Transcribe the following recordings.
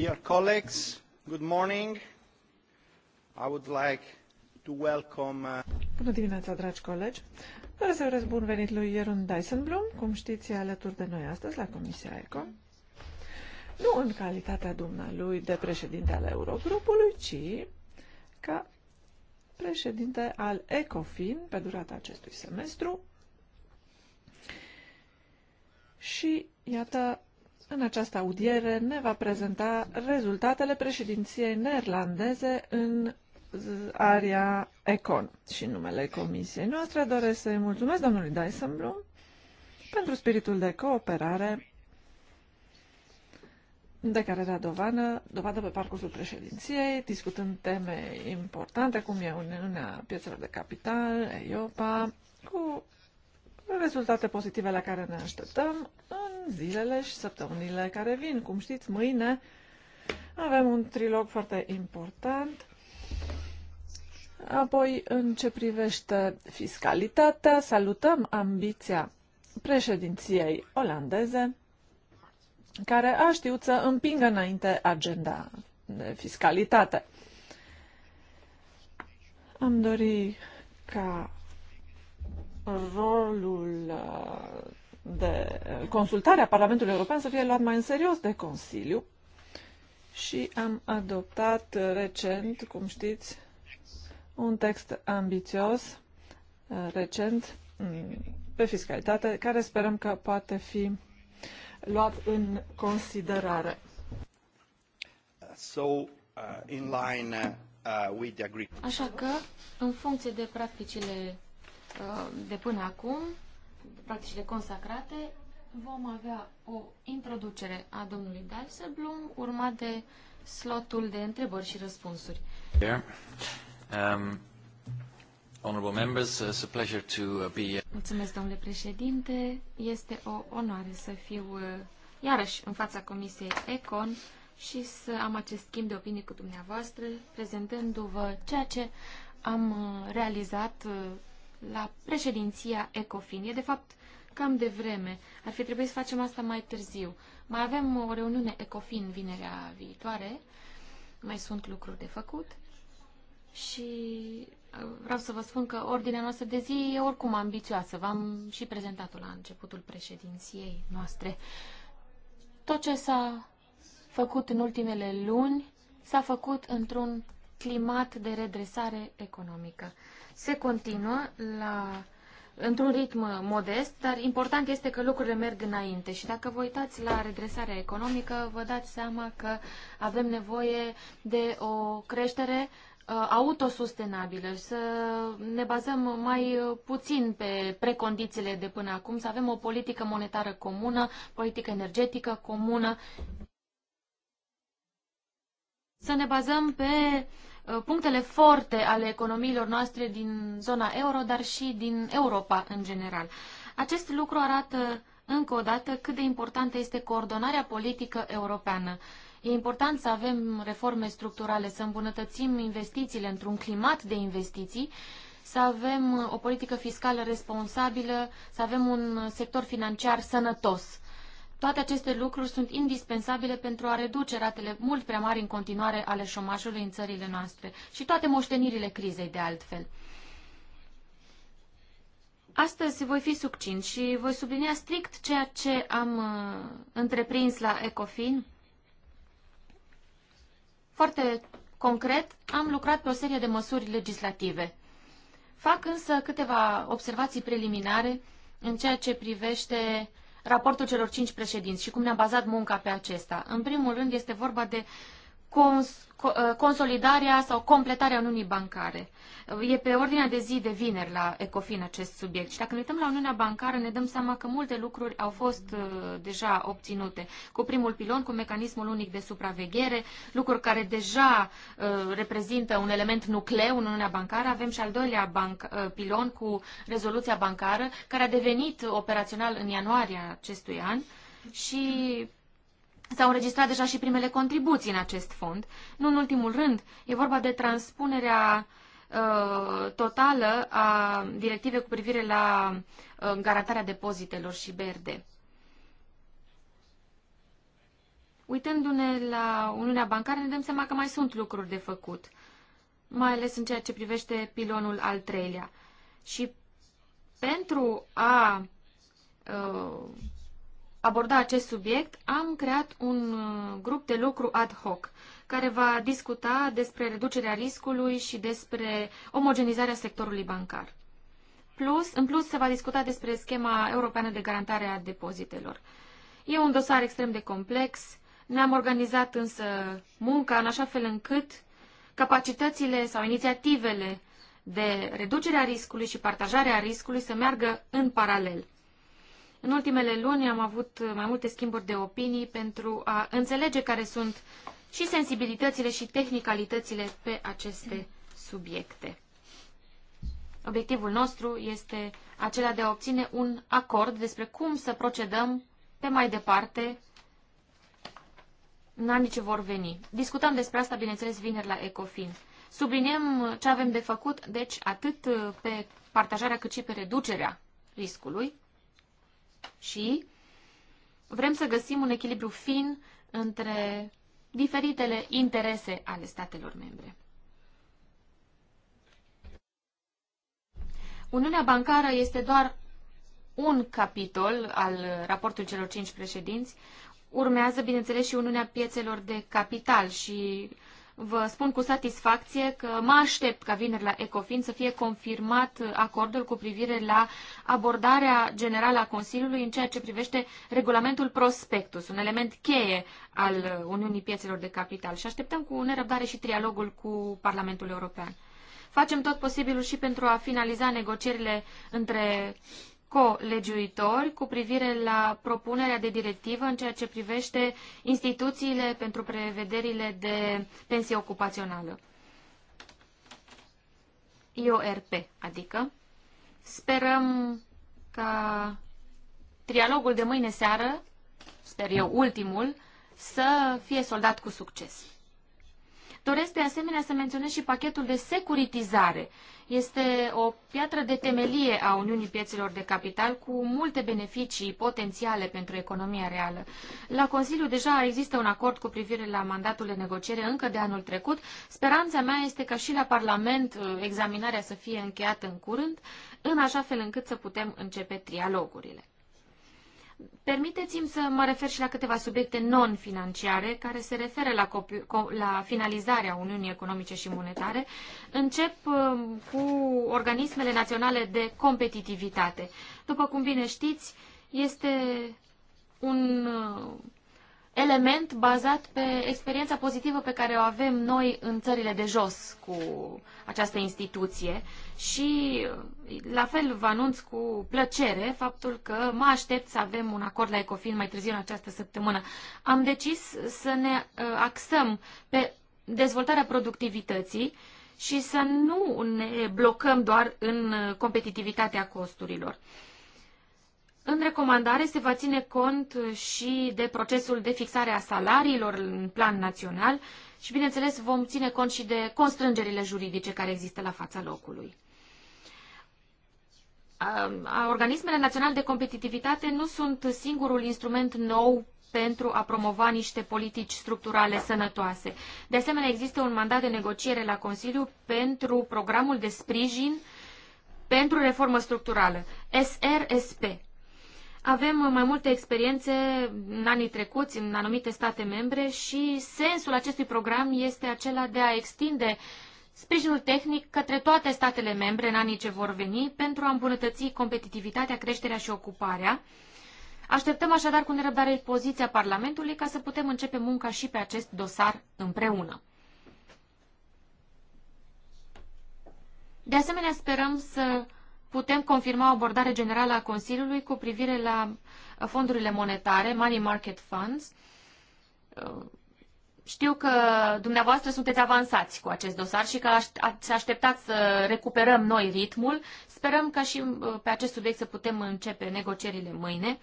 Dear colleagues, good morning. I would like to welcome... Uh, Bună dimineața, dragi colegi. Vreau să urez bun venit lui Jeroen Dijsselbloem, cum știți, e alături de noi astăzi la Comisia ECO. Nu în calitatea dumnealui de președinte al Eurogrupului, ci ca președinte al ECOFIN pe durata acestui semestru. Și, iată, în această audiere ne va prezenta rezultatele președinției neerlandeze în area Econ și numele comisiei noastre. Doresc să-i mulțumesc domnului Dijsselbloem pentru spiritul de cooperare de care era dovană, dovadă pe parcursul președinției, discutând teme importante, cum e Uniunea Piețelor de Capital, EIOPA, cu rezultate pozitive la care ne așteptăm în zilele și săptămânile care vin. Cum știți, mâine avem un trilog foarte important. Apoi, în ce privește fiscalitatea, salutăm ambiția președinției olandeze, care a știut să împingă înainte agenda de fiscalitate. Am dori ca rolul uh, de consultare a Parlamentului European să fie luat mai în serios de Consiliu și am adoptat recent, cum știți, un text ambițios, uh, recent, mm, pe fiscalitate, care sperăm că poate fi luat în considerare. So, uh, in line, uh, with the Așa că, în funcție de practicile Uh, de până acum, practicile consacrate, vom avea o introducere a domnului Dalseblum, urmat de slotul de întrebări și răspunsuri. Yeah. Um, honorable members, uh, it's a pleasure to uh, be... Mulțumesc, domnule președinte. Este o onoare să fiu iarăși în fața Comisiei ECON și să am acest schimb de opinie cu dumneavoastră, prezentându-vă ceea ce am realizat la președinția ECOFIN. E de fapt cam de vreme. Ar fi trebuit să facem asta mai târziu. Mai avem o reuniune ECOFIN vinerea viitoare. Mai sunt lucruri de făcut. Și uh, vreau să vă spun că ordinea noastră de zi e oricum ambițioasă. V-am și prezentat-o la începutul președinției noastre. Tot ce s-a făcut în ultimele luni s-a făcut într-un climat de redresare economică se continuă la într-un ritm modest, dar important este că lucrurile merg înainte și dacă vă uitați la redresarea economică, vă dați seama că avem nevoie de o creștere uh, autosustenabilă, să ne bazăm mai puțin pe precondițiile de până acum, să avem o politică monetară comună, politică energetică comună, să ne bazăm pe Uh, punctele forte ale economiilor noastre din zona euro, dar și din Europa în general. Acest lucru arată încă o dată cât de importantă este coordonarea politică europeană. E important să avem reforme structurale, să îmbunătățim investițiile într-un climat de investiții, să avem o politică fiscală responsabilă, să avem un sector financiar sănătos. Toate aceste lucruri sunt indispensabile pentru a reduce ratele mult prea mari în continuare ale șomajului în țările noastre și toate moștenirile crizei de altfel. Astăzi voi fi succint și voi sublinia strict ceea ce am uh, întreprins la Ecofin. Foarte concret, am lucrat pe o serie de măsuri legislative. Fac însă câteva observații preliminare în ceea ce privește raportul celor cinci președinți și cum ne-am bazat munca pe acesta. În primul rând este vorba de uh, cons ă, consolidarea sau completarea Uniunii Bancare. E pe ordinea de zi de vineri la Ecofin acest subiect și dacă ne uităm la Uniunea Bancară ne dăm seama că multe lucruri au fost ă, deja obținute cu primul pilon, cu mecanismul unic de supraveghere, lucruri care deja uh, reprezintă un element nucleu în Uniunea Bancară. Avem și al doilea banc, uh, pilon cu rezoluția bancară care a devenit operațional în ianuarie acestui an și S-au înregistrat deja și primele contribuții în acest fond. Nu în ultimul rând, e vorba de transpunerea uh, totală a directivei cu privire la uh, garantarea depozitelor și BRD. Uitându-ne la Uniunea Bancară, ne dăm seama că mai sunt lucruri de făcut, mai ales în ceea ce privește pilonul al treilea. Și pentru a uh, aborda acest subiect, am creat un uh, grup de lucru ad hoc care va discuta despre reducerea riscului și despre omogenizarea sectorului bancar. Plus, în plus, se va discuta despre schema europeană de garantare a depozitelor. E un dosar extrem de complex, ne-am organizat însă munca în așa fel încât capacitățile sau inițiativele de reducerea riscului și partajarea riscului să meargă în paralel. În ultimele luni am avut mai multe schimburi de opinii pentru a înțelege care sunt și sensibilitățile și tehnicalitățile pe aceste subiecte. Obiectivul nostru este acela de a obține un acord despre cum să procedăm pe mai departe în anii ce vor veni. Discutăm despre asta, bineînțeles, vineri la Ecofin. Subliniem ce avem de făcut, deci atât pe partajarea cât și pe reducerea riscului. Și vrem să găsim un echilibru fin între diferitele interese ale statelor membre. Uniunea bancară este doar un capitol al raportului celor cinci președinți. Urmează, bineînțeles, și Uniunea Piețelor de Capital și Vă spun cu satisfacție că mă aștept ca vineri la Ecofin să fie confirmat acordul cu privire la abordarea generală a Consiliului în ceea ce privește regulamentul prospectus, un element cheie al Uniunii Piețelor de Capital și așteptăm cu nerăbdare și trialogul cu Parlamentul European. Facem tot posibilul și pentru a finaliza negocierile între colegiuitori cu privire la propunerea de directivă în ceea ce privește instituțiile pentru prevederile de pensie ocupațională. IORP, adică. Sperăm ca trialogul de mâine seară, sper eu ultimul, să fie soldat cu succes. Doresc de asemenea să menționez și pachetul de securitizare este o piatră de temelie a Uniunii piețelor de Capital cu multe beneficii potențiale pentru economia reală. La Consiliu deja există un acord cu privire la mandatul de negociere încă de anul trecut. Speranța mea este ca și la Parlament uh, examinarea să fie încheiată în curând, în așa fel încât să putem începe trialogurile. Permiteți-mi să mă refer și la câteva subiecte non-financiare care se referă la, la finalizarea Uniunii Economice și Monetare. Încep um, cu organismele naționale de competitivitate. După cum bine știți, este un uh, element bazat pe experiența pozitivă pe care o avem noi în țările de jos cu această instituție și uh, la fel vă anunț cu plăcere faptul că mă aștept să avem un acord la Ecofin mai târziu în această săptămână. Am decis să ne uh, axăm pe dezvoltarea productivității și să nu ne blocăm doar în uh, competitivitatea costurilor. În recomandare se va ține cont și de procesul de fixare a salariilor în plan național și, bineînțeles, vom ține cont și de constrângerile juridice care există la fața locului organismele naționale de competitivitate nu sunt singurul instrument nou pentru a promova niște politici structurale sănătoase. De asemenea, există un mandat de negociere la Consiliu pentru programul de sprijin pentru reformă structurală, SRSP. Avem mai multe experiențe în anii trecuți în anumite state membre și sensul acestui program este acela de a extinde uh, sprijinul tehnic către toate statele membre în anii ce vor veni pentru a îmbunătăți competitivitatea, creșterea și ocuparea. Așteptăm așadar cu nerăbdare poziția Parlamentului ca să putem începe munca și pe acest dosar împreună. De asemenea, sperăm să putem confirma o abordare generală a Consiliului cu privire la fondurile monetare, Money Market Funds, știu că dumneavoastră sunteți avansați cu acest dosar și că ați așteptat să recuperăm noi ritmul. Sperăm ca și uh, pe acest subiect să putem începe negocierile mâine.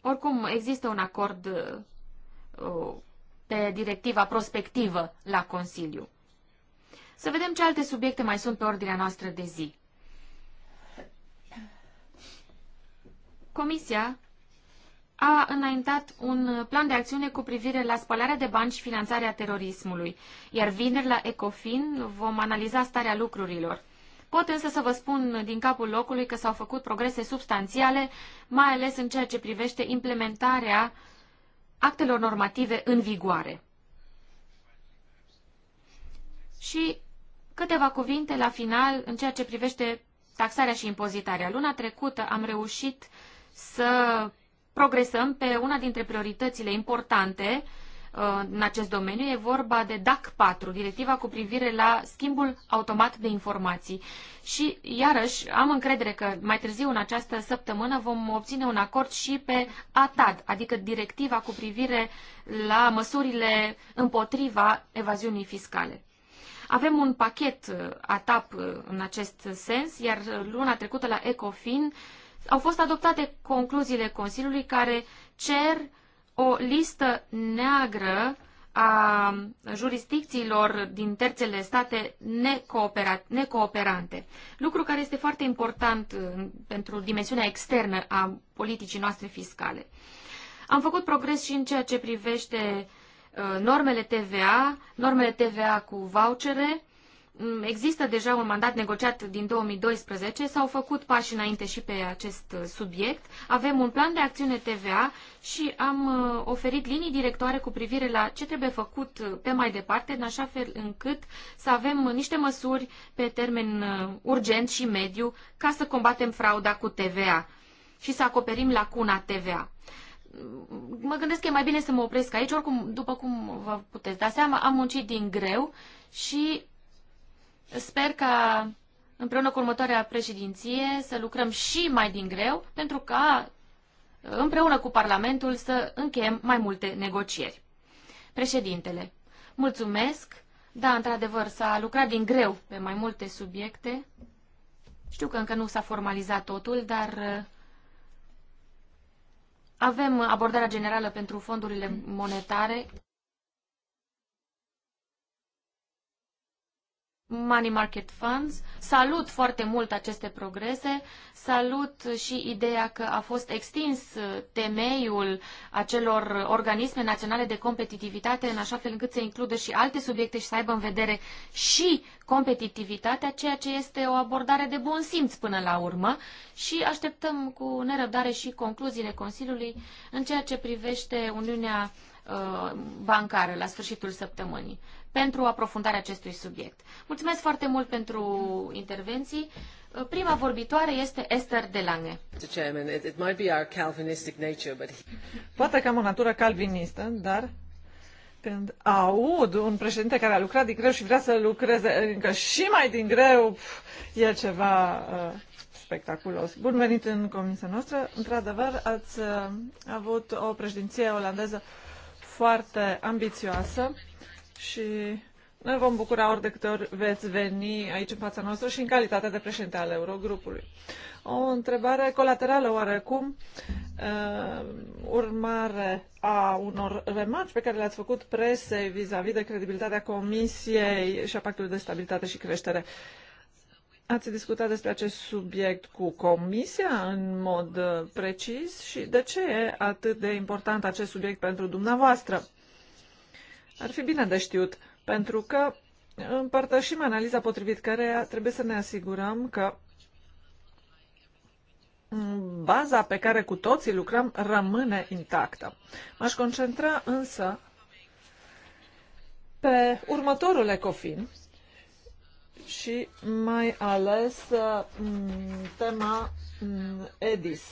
Oricum, există un acord uh, uh, pe directiva prospectivă la Consiliu. Să vedem ce alte subiecte mai sunt pe ordinea noastră de zi. Comisia a înaintat un plan de acțiune cu privire la spălarea de bani și finanțarea terorismului, iar vineri la ECOFIN vom analiza starea lucrurilor. Pot însă să vă spun din capul locului că s-au făcut progrese substanțiale, mai ales în ceea ce privește implementarea actelor normative în vigoare. Și câteva cuvinte la final în ceea ce privește taxarea și impozitarea. Luna trecută am reușit să progresăm pe una dintre prioritățile importante uh, în acest domeniu. E vorba de DAC 4, directiva cu privire la schimbul automat de informații. Și, iarăși, am încredere că mai târziu în această săptămână vom obține un acord și pe ATAD, adică directiva cu privire la măsurile împotriva evaziunii fiscale. Avem un pachet uh, ATAP uh, în acest sens, iar luna trecută la ECOFIN au fost adoptate concluziile Consiliului care cer o listă neagră a jurisdicțiilor din terțele state necooperante, lucru care este foarte important pentru dimensiunea externă a politicii noastre fiscale. Am făcut progres și în ceea ce privește uh, normele TVA, normele TVA cu vouchere, Există deja un mandat negociat din 2012, s-au făcut pași înainte și pe acest uh, subiect. Avem un plan de acțiune TVA și am uh, oferit linii directoare cu privire la ce trebuie făcut uh, pe mai departe, în așa fel încât să avem niște măsuri pe termen urgent și mediu ca să combatem frauda cu TVA și să acoperim lacuna TVA mă gândesc că e mai bine să mă opresc aici, oricum, după cum vă puteți da seama, am muncit din greu și Sper ca împreună cu următoarea președinție să lucrăm și mai din greu pentru ca împreună cu Parlamentul să încheiem mai multe negocieri. Președintele, mulțumesc. Da, într-adevăr, s-a lucrat din greu pe mai multe subiecte. Știu că încă nu s-a formalizat totul, dar avem abordarea generală pentru fondurile monetare. Money Market Funds. Salut foarte mult aceste progrese, salut și ideea că a fost extins uh, temeiul acelor organisme naționale de competitivitate în așa fel încât să includă și alte subiecte și să aibă în vedere și competitivitatea, ceea ce este o abordare de bun simț până la urmă și așteptăm cu nerăbdare și concluziile Consiliului în ceea ce privește Uniunea uh, bancară la sfârșitul săptămânii pentru aprofundarea acestui subiect. Mulțumesc foarte mult pentru intervenții. Prima vorbitoare este Esther de Lange. Poate că am o natură calvinistă, dar când aud un președinte care a lucrat din greu și vrea să lucreze încă și mai din greu, e ceva uh, spectaculos. Bun venit în comisia noastră. Într-adevăr, ați uh, avut o președinție olandeză foarte ambițioasă și ne vom bucura ori de câte ori veți veni aici în fața noastră și în calitate de președinte al Eurogrupului. O întrebare colaterală oarecum, uh, urmare a unor remarci pe care le-ați făcut presei vis-a-vis de credibilitatea Comisiei și a Pactului de Stabilitate și Creștere. Ați discutat despre acest subiect cu Comisia în mod uh, precis și de ce e atât de important acest subiect pentru dumneavoastră? Ar fi bine de știut, pentru că împărtășim analiza potrivit care trebuie să ne asigurăm că baza pe care cu toții lucrăm rămâne intactă. M-aș concentra însă pe următorul ecofin și mai ales mm, tema mm, EDIS.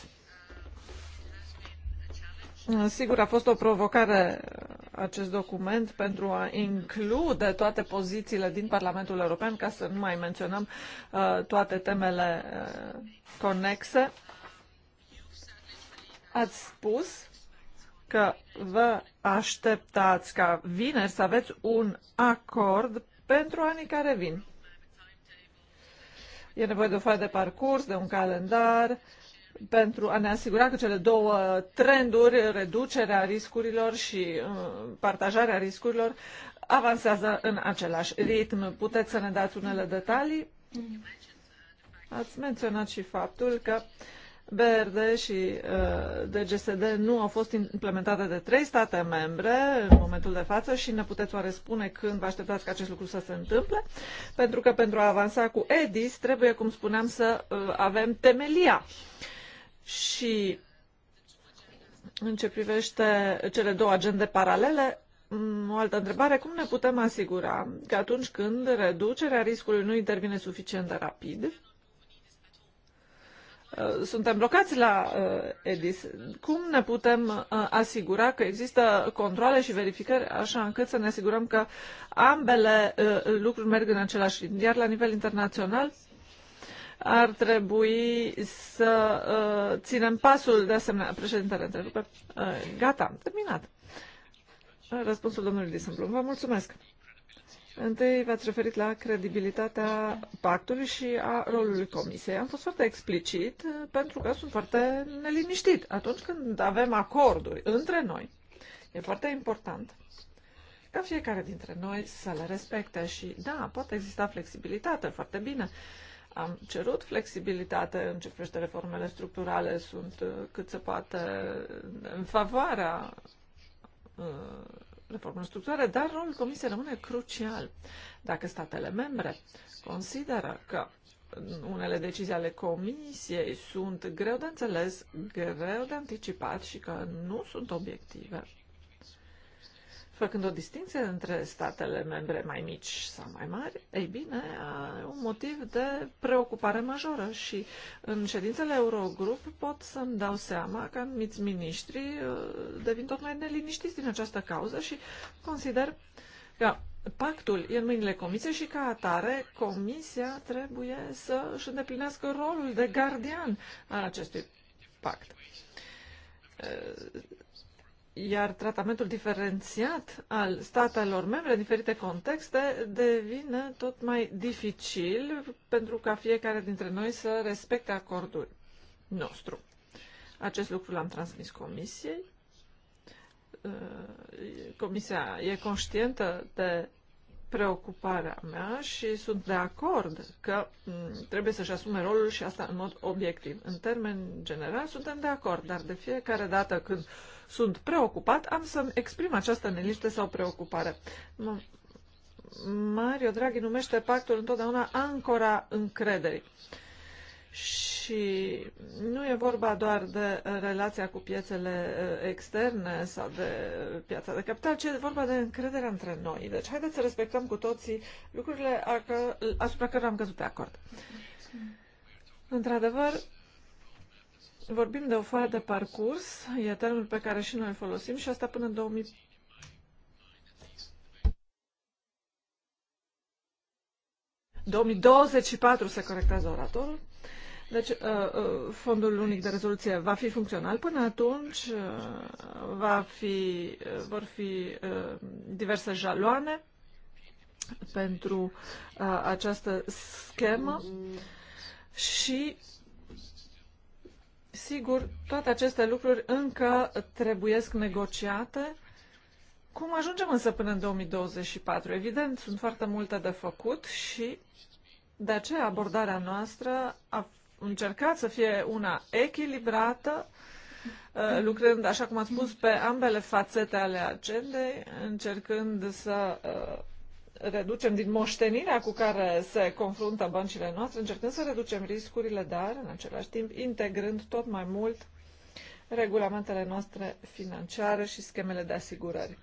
Sigur, a fost o provocare acest document pentru a include toate pozițiile din Parlamentul European, ca să nu mai menționăm uh, toate temele uh, conexe. Ați spus că vă așteptați ca vineri să aveți un acord pentru anii care vin. E nevoie de o de parcurs, de un calendar, uh, pentru a ne asigura că cele două trenduri, reducerea riscurilor și uh, partajarea riscurilor, avansează în același ritm. Puteți să ne dați unele detalii? Ați menționat și faptul că BRD și DGSD uh, nu au fost implementate de trei state membre în momentul de față și ne puteți oare spune când vă așteptați ca acest lucru să se întâmple, pentru că pentru a avansa cu EDIS trebuie, cum spuneam, să uh, avem temelia uh, și în ce privește cele două agende paralele, mm, o altă întrebare, cum ne putem asigura că atunci când reducerea riscului nu intervine suficient de rapid, uh, suntem blocați la uh, EDIS. Cum ne putem uh, asigura că există controle și verificări așa încât să ne asigurăm că ambele lucruri merg în același ritm? Iar la nivel internațional, ar trebui să uh, ținem pasul de asemenea. Președintele întrerupe. Uh, gata, am terminat. Uh, răspunsul domnului Disemplu. Vă mulțumesc. Întâi v-ați referit la credibilitatea pactului și a rolului comisiei. Am fost foarte explicit uh, pentru că sunt foarte neliniștit. Atunci când avem acorduri între noi, e foarte important ca fiecare dintre noi să le respecte și, da, poate exista flexibilitate, foarte bine. Uh, am cerut flexibilitate în ce privește reformele structurale, sunt uh, cât se poate în favoarea uh, reformelor structurale, dar rolul Comisiei rămâne crucial. Dacă statele membre consideră că unele decizii ale Comisiei sunt greu de înțeles, greu de anticipat și că nu sunt obiective, făcând o distinție între statele membre mai mici sau mai mari, ei bine, e un motiv de preocupare majoră și în ședințele Eurogrup pot să-mi dau seama că anumiți miniștri uh, devin tot mai neliniștiți din această cauză și consider că pactul e în mâinile Comisiei și ca atare Comisia trebuie să își îndeplinească rolul de gardian al acestui pact iar tratamentul diferențiat al statelor membre în diferite contexte devine tot mai dificil pentru ca fiecare dintre noi să respecte acordul nostru. Acest lucru l-am transmis comisiei. Uh, comisia e conștientă de preocuparea mea și sunt de acord că mm, trebuie să-și asume rolul și asta în mod obiectiv. În termen general suntem de acord, dar de fiecare dată când uh, sunt preocupat, am să-mi exprim această neliște sau preocupare. Mario Draghi numește pactul întotdeauna ancora încrederii. Și nu e vorba doar de relația cu piețele eh, externe sau de piața de capital, ci e vorba de încrederea între noi. Deci haideți să respectăm cu toții lucrurile asupra cărora am căzut de acord. Într-adevăr, Vorbim de o foaie de parcurs, e termenul pe care și noi îl folosim și asta până în 2000. ...2024 se corectează oratorul. Deci, uh, uh, fondul unic de rezoluție va fi funcțional. Până atunci uh, va fi, vor fi diverse jaloane pentru această schemă și Sigur, toate aceste lucruri încă trebuiesc negociate. Cum ajungem însă până în 2024? Evident, sunt foarte multe de făcut și de aceea abordarea noastră a încercat să fie una echilibrată, uh, lucrând, așa cum ați spus, pe ambele fațete ale agendei, încercând să uh, reducem din moștenirea cu care se confruntă băncile noastre, încercând să reducem riscurile, dar în același timp integrând tot mai mult regulamentele noastre financiare și schemele de asigurări.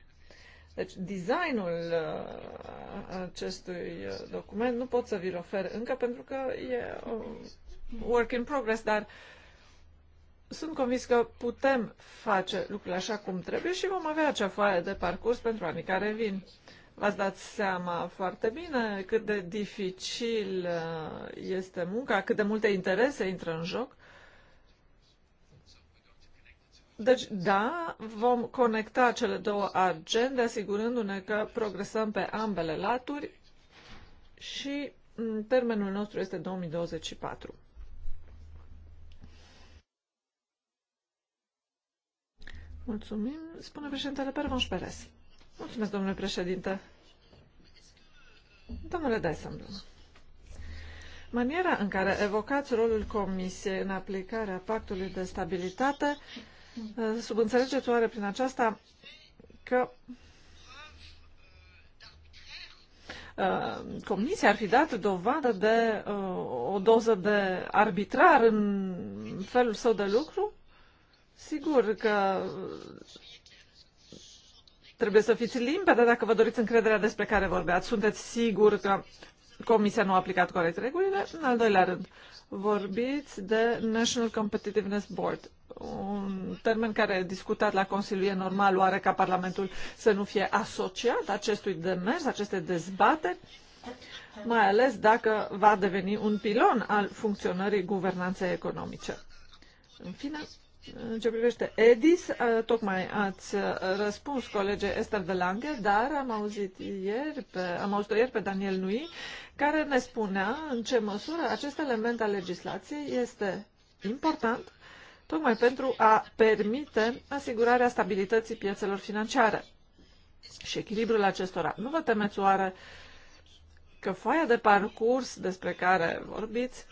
Deci designul uh, acestui uh, document nu pot să vi-l ofer încă pentru că e um, work in progress, dar sunt convins că putem face lucrurile așa cum trebuie și vom avea acea foaie de parcurs pentru anii care vin. V-ați dat seama foarte bine cât de dificil uh, este munca, cât de multe interese intră în joc. Deci, da, vom conecta cele două agende, asigurându-ne că progresăm pe ambele laturi și mm, termenul nostru este 2024. Mulțumim, spune președintele Pervonș Perez. Mulțumesc, domnule președinte. Domnule Dyson, maniera în care evocați rolul Comisiei în aplicarea Pactului de Stabilitate, eh, subînțelegeți oare prin aceasta că eh, Comisia ar fi dat dovadă de eh, o doză de arbitrar în felul său de lucru? Sigur că Trebuie să fiți limpede dacă vă doriți încrederea despre care vorbeați. Sunteți sigur că Comisia nu a aplicat corect regulile? În al doilea rând, vorbiți de National Competitiveness Board, un termen care discutat la Consiliu. E normal oare ca Parlamentul să nu fie asociat acestui demers, aceste dezbateri? mai ales dacă va deveni un pilon al funcționării guvernanței economice. În fine, în ce privește EDIS, tocmai ați răspuns colege Esther de Lange, dar am auzit ieri pe, am auzit ieri pe Daniel Nui, care ne spunea în ce măsură acest element al legislației este important tocmai pentru a permite asigurarea stabilității piețelor financiare și echilibrul acestora. Nu vă temeți oare că foaia de parcurs despre care vorbiți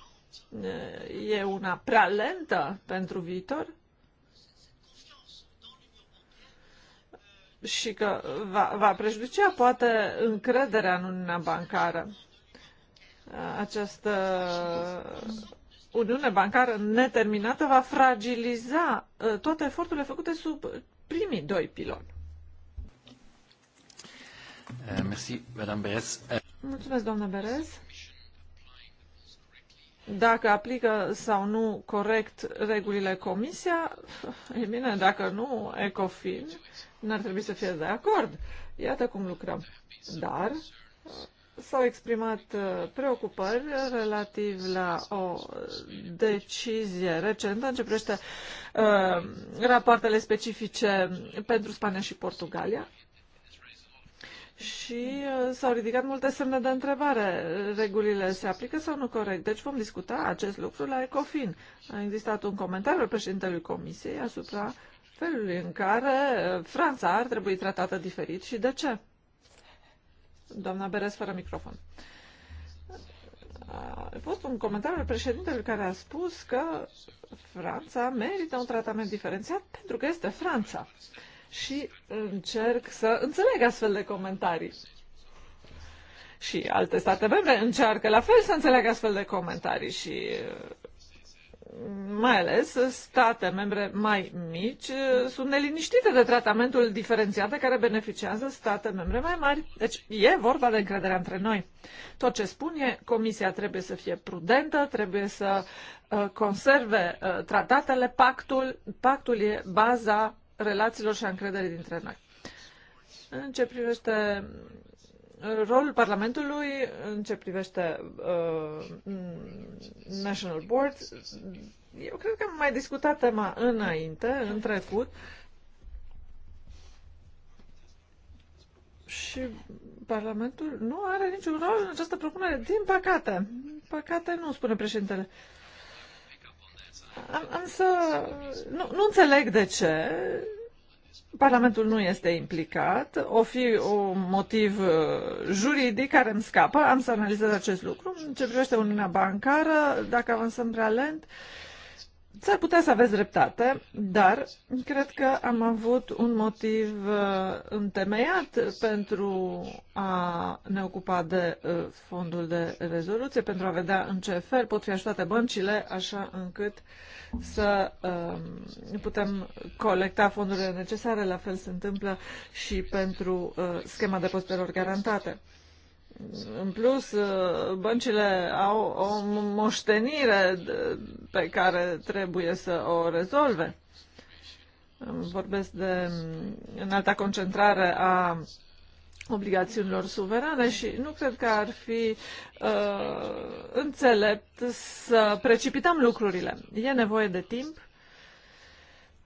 e una prea lentă pentru viitor și că va, va prejudicia poate încrederea în Uniunea Bancară. Această Uniune Bancară neterminată va fragiliza uh, toate eforturile făcute sub primii doi piloni. Eh, Mulțumesc, doamnă Berez dacă aplică sau nu corect regulile comisia, e bine, dacă nu, ECOFIN n-ar trebui să fie de acord. Iată cum lucrăm. Dar uh, s-au exprimat uh, preocupări relativ la o decizie recentă în ce privește uh, rapoartele specifice pentru Spania și Portugalia și uh, s-au ridicat multe semne de întrebare. Regulile se aplică sau nu corect? Deci vom discuta acest lucru la ECOFIN. A existat un comentariu al președintelui Comisiei asupra felului în care uh, Franța ar trebui tratată diferit și de ce. Doamna Beres, fără microfon. A fost un comentariu al președintelui care a spus că Franța merită un tratament diferențiat pentru că este Franța. Uh, și încerc să înțeleg astfel de comentarii. Și alte state membre încearcă la fel să înțeleagă astfel de comentarii și mai ales state membre mai mici uh, sunt neliniștite de tratamentul diferențiat de care beneficiază state membre mai mari. Deci e vorba de încredere între noi. Tot ce spun e, Comisia trebuie să fie prudentă, trebuie să uh, conserve uh, tratatele, pactul. Pactul e baza relațiilor și a încrederii dintre noi. În ce privește rolul Parlamentului, în ce privește uh, National Board, eu cred că am mai discutat tema înainte, în trecut, și Parlamentul nu are niciun rol în această propunere, din păcate. păcate nu, spune președintele. Uh, Însă nu, nu înțeleg de ce Parlamentul nu este implicat, o fi un motiv uh, juridic care îmi scapă, am să analizez acest lucru. În ce privește Uniunea Bancară, dacă avansăm prea lent, uh, S-ar putea să aveți dreptate, dar cred că am avut un motiv uh, întemeiat pentru a ne ocupa de uh, fondul de rezoluție, pentru a vedea în ce fel pot fi ajutate băncile, așa încât să uh, putem colecta fondurile necesare. La fel se întâmplă și pentru schema depozitelor garantate. În plus, uh, băncile au o moștenire pe care trebuie să o rezolve. Vorbesc de înalta concentrare a obligațiunilor suverane și nu cred că ar fi uh, înțelept să precipităm lucrurile. E nevoie de timp,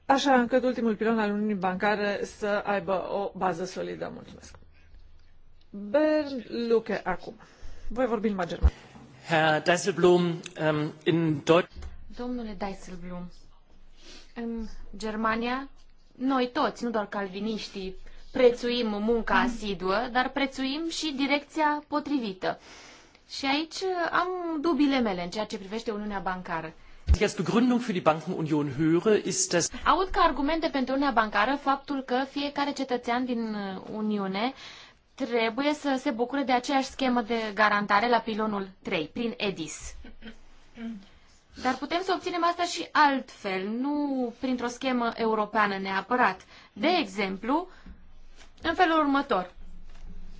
așa încât ultimul pilon al Uniunii Bancare să aibă o bază solidă. Mulțumesc! Bernd acum. Voi vorbi în germană. Herr Dijsselbloem, în ähm, Deutschland... Domnule Deiselblum, în Germania, noi toți, nu doar calviniștii, prețuim munca asiduă, dar prețuim și direcția potrivită. Și aici uh, am dubile mele în ceea ce privește Uniunea Bancară. Als Begründung für die Bankenunion höre, ist das... Aud ca argumente pentru Uniunea Bancară faptul că fiecare cetățean din uh, Uniune trebuie să se bucure de aceeași schemă de garantare la pilonul 3, prin EDIS. Dar putem să obținem asta și altfel, nu printr-o schemă europeană neapărat. De exemplu, în felul următor.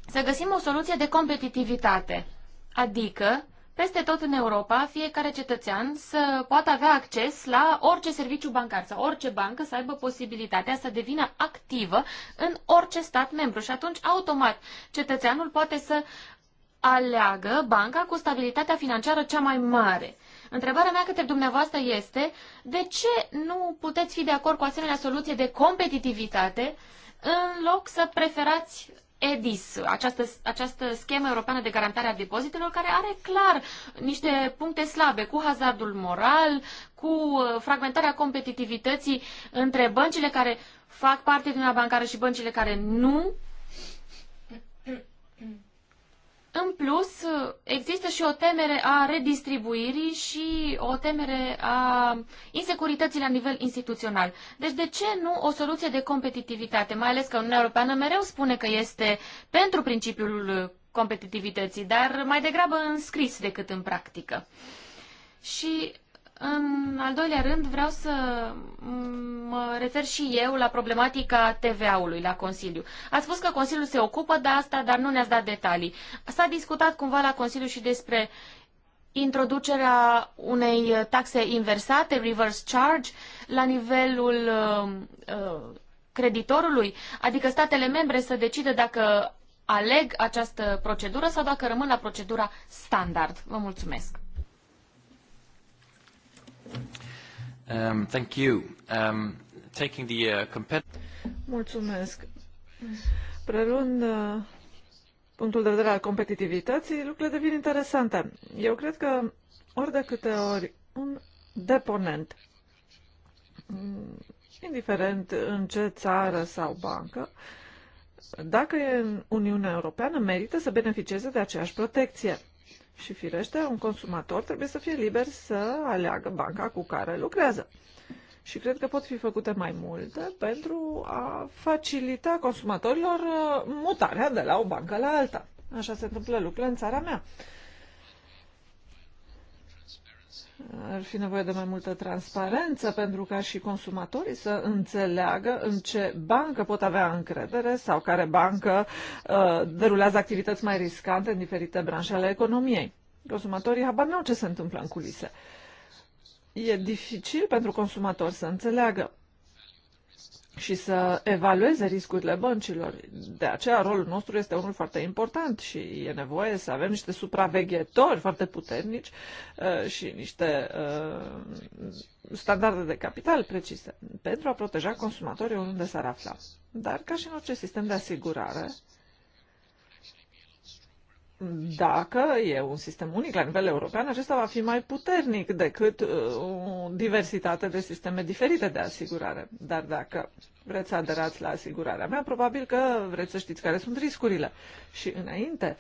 Să găsim o soluție de competitivitate, adică peste tot în Europa, fiecare cetățean să poată avea acces la orice serviciu bancar sau orice bancă să aibă posibilitatea să devină activă în orice stat membru. Și atunci, automat, cetățeanul poate să aleagă banca cu stabilitatea financiară cea mai mare. Întrebarea mea către dumneavoastră este de ce nu puteți fi de acord cu asemenea soluție de competitivitate în loc să preferați EDIS, această, această schemă europeană de garantare a depozitelor, care are clar niște puncte slabe cu hazardul moral, cu uh, fragmentarea competitivității între băncile care fac parte din una bancară și băncile care nu. În plus, există și o temere a redistribuirii și o temere a insecurității la nivel instituțional. Deci de ce nu o soluție de competitivitate, mai ales că Uniunea Europeană mereu spune că este pentru principiul competitivității, dar mai degrabă în scris decât în practică. Și în al doilea rând, vreau să mă refer și eu la problematica TVA-ului la Consiliu. Ați spus că Consiliul se ocupă de asta, dar nu ne-ați dat detalii. S-a discutat cumva la Consiliu și despre introducerea unei taxe inversate, reverse charge, la nivelul uh, uh creditorului, adică statele membre să decidă dacă aleg această procedură sau dacă rămân la procedura standard. Vă mulțumesc. Um, thank you. Um, taking the uh, Mulțumesc. Preluând uh, punctul de vedere al competitivității, lucrurile devin interesante. Eu cred că ori de câte ori un deponent, mm, indiferent în ce țară sau bancă, dacă e în Uniunea Europeană, merită să beneficieze de aceeași protecție. Și firește, un consumator trebuie să fie liber să aleagă banca cu care lucrează. Și cred că pot fi făcute mai multe pentru a facilita consumatorilor uh, mutarea de la o bancă la alta. Așa se întâmplă lucrurile în țara mea. Uh, ar fi nevoie de mai multă transparență pentru ca și consumatorii să înțeleagă în ce bancă pot avea încredere sau care bancă uh, derulează activități mai riscante în diferite branșe ale economiei. Consumatorii habar nu au ce se întâmplă în culise. E dificil pentru consumator să înțeleagă și să evalueze riscurile băncilor. De aceea rolul nostru este unul foarte important și e nevoie să avem niște supraveghetori foarte puternici uh, și niște uh, standarde de capital precise pentru a proteja consumatorii unde s-ar afla. Dar ca și în orice sistem de asigurare, dacă e un sistem unic la nivel european, acesta va fi mai puternic decât uh, o diversitate de sisteme diferite de asigurare. Dar dacă vreți să aderați la asigurarea mea, probabil că vreți să știți care sunt riscurile. Și înainte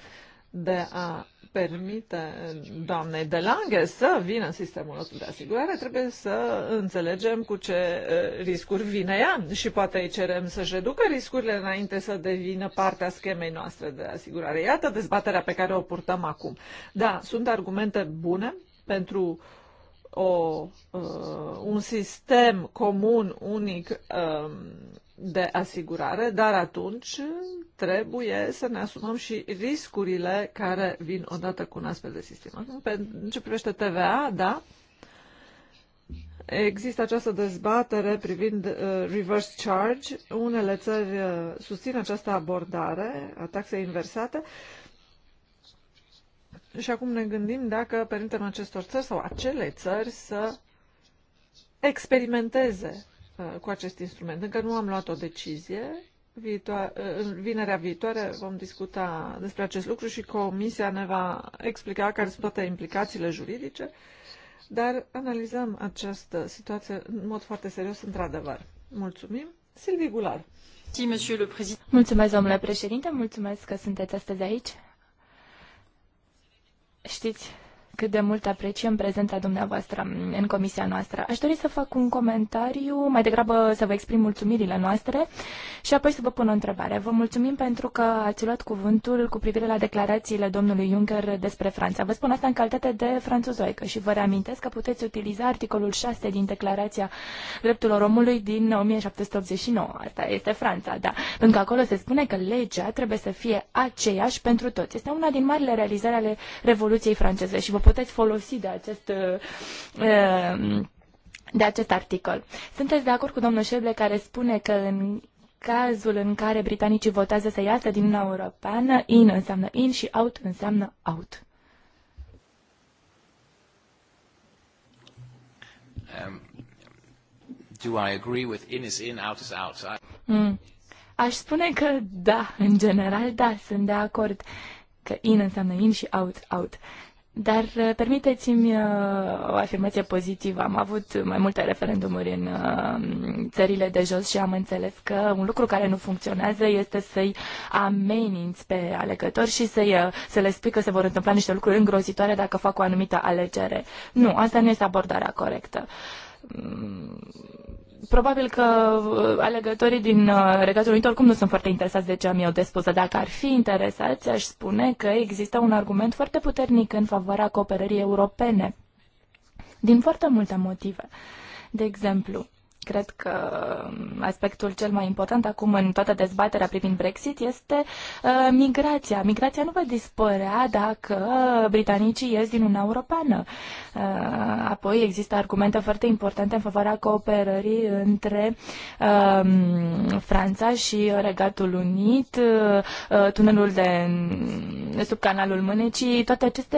de a permite eh, doamnei de Lange să vină în sistemul nostru de asigurare, trebuie să înțelegem cu ce eh, riscuri vine ea și poate îi cerem să-și reducă riscurile înainte să devină partea schemei noastre de asigurare. Iată dezbaterea pe care o purtăm acum. Da, sunt argumente bune pentru o, uh, un sistem comun, unic, uh, de asigurare, dar atunci trebuie să ne asumăm și riscurile care vin odată cu un astfel de sistem. Acum, ce privește TVA, da, Există această dezbatere privind uh, reverse charge. Unele țări uh, susțin această abordare a taxei inversate și acum ne gândim dacă permitem acestor țări sau acele țări să experimenteze Uh, cu acest instrument. Încă nu am luat o decizie. Viitoare, uh, vinerea viitoare vom discuta despre acest lucru și Comisia ne va explica care sunt toate implicațiile juridice, dar analizăm această situație în mod foarte serios, într-adevăr. Mulțumim. Silvi Gular. Mulțumesc, domnule președinte, mulțumesc că sunteți astăzi aici. Știți cât de mult apreciem prezența dumneavoastră în comisia noastră. Aș dori să fac un comentariu, mai degrabă să vă exprim mulțumirile noastre și apoi să vă pun o întrebare. Vă mulțumim pentru că ați luat cuvântul cu privire la declarațiile domnului Juncker despre Franța. Vă spun asta în calitate de franțuzoică și vă reamintesc că puteți utiliza articolul 6 din Declarația Drepturilor Omului din 1789. Asta este Franța, da. Pentru că acolo se spune că legea trebuie să fie aceeași pentru toți. Este una din marile realizări ale Revoluției franceze și vă pot puteți folosi de acest uh, um, de acest articol. Sunteți de acord cu domnul Șeble care spune că în cazul în care britanicii votează să iasă din Uniunea Europeană, in înseamnă in și out înseamnă out. Um, do I agree with in is in, out is out? I... Mm. Aș spune că da, în general, da, sunt de acord că in înseamnă in și out, out. Dar uh, permiteți-mi uh, o afirmație pozitivă. Am avut mai multe referendumuri în uh, țările de jos și am înțeles că un lucru care nu funcționează este să-i ameninți pe alegători și să-i, să le spui că se vor întâmpla niște lucruri îngrozitoare dacă fac o anumită alegere. Nu, asta nu este abordarea corectă mm, probabil că uh, alegătorii din uh, Regatul Unit oricum nu sunt foarte interesați de ce am eu de spus, dar dacă ar fi interesați, aș spune că există un argument foarte puternic în favoarea cooperării europene, din foarte multe motive. De exemplu, Cred că um, aspectul cel mai important acum în toată dezbaterea privind Brexit este uh, migrația. Migrația nu va dispărea dacă britanicii ies din Uniunea Europeană. Uh, apoi există argumente foarte importante în favoarea cooperării între uh, Franța și Regatul Unit, uh, uh tunelul de mm, sub canalul Mânecii, toate aceste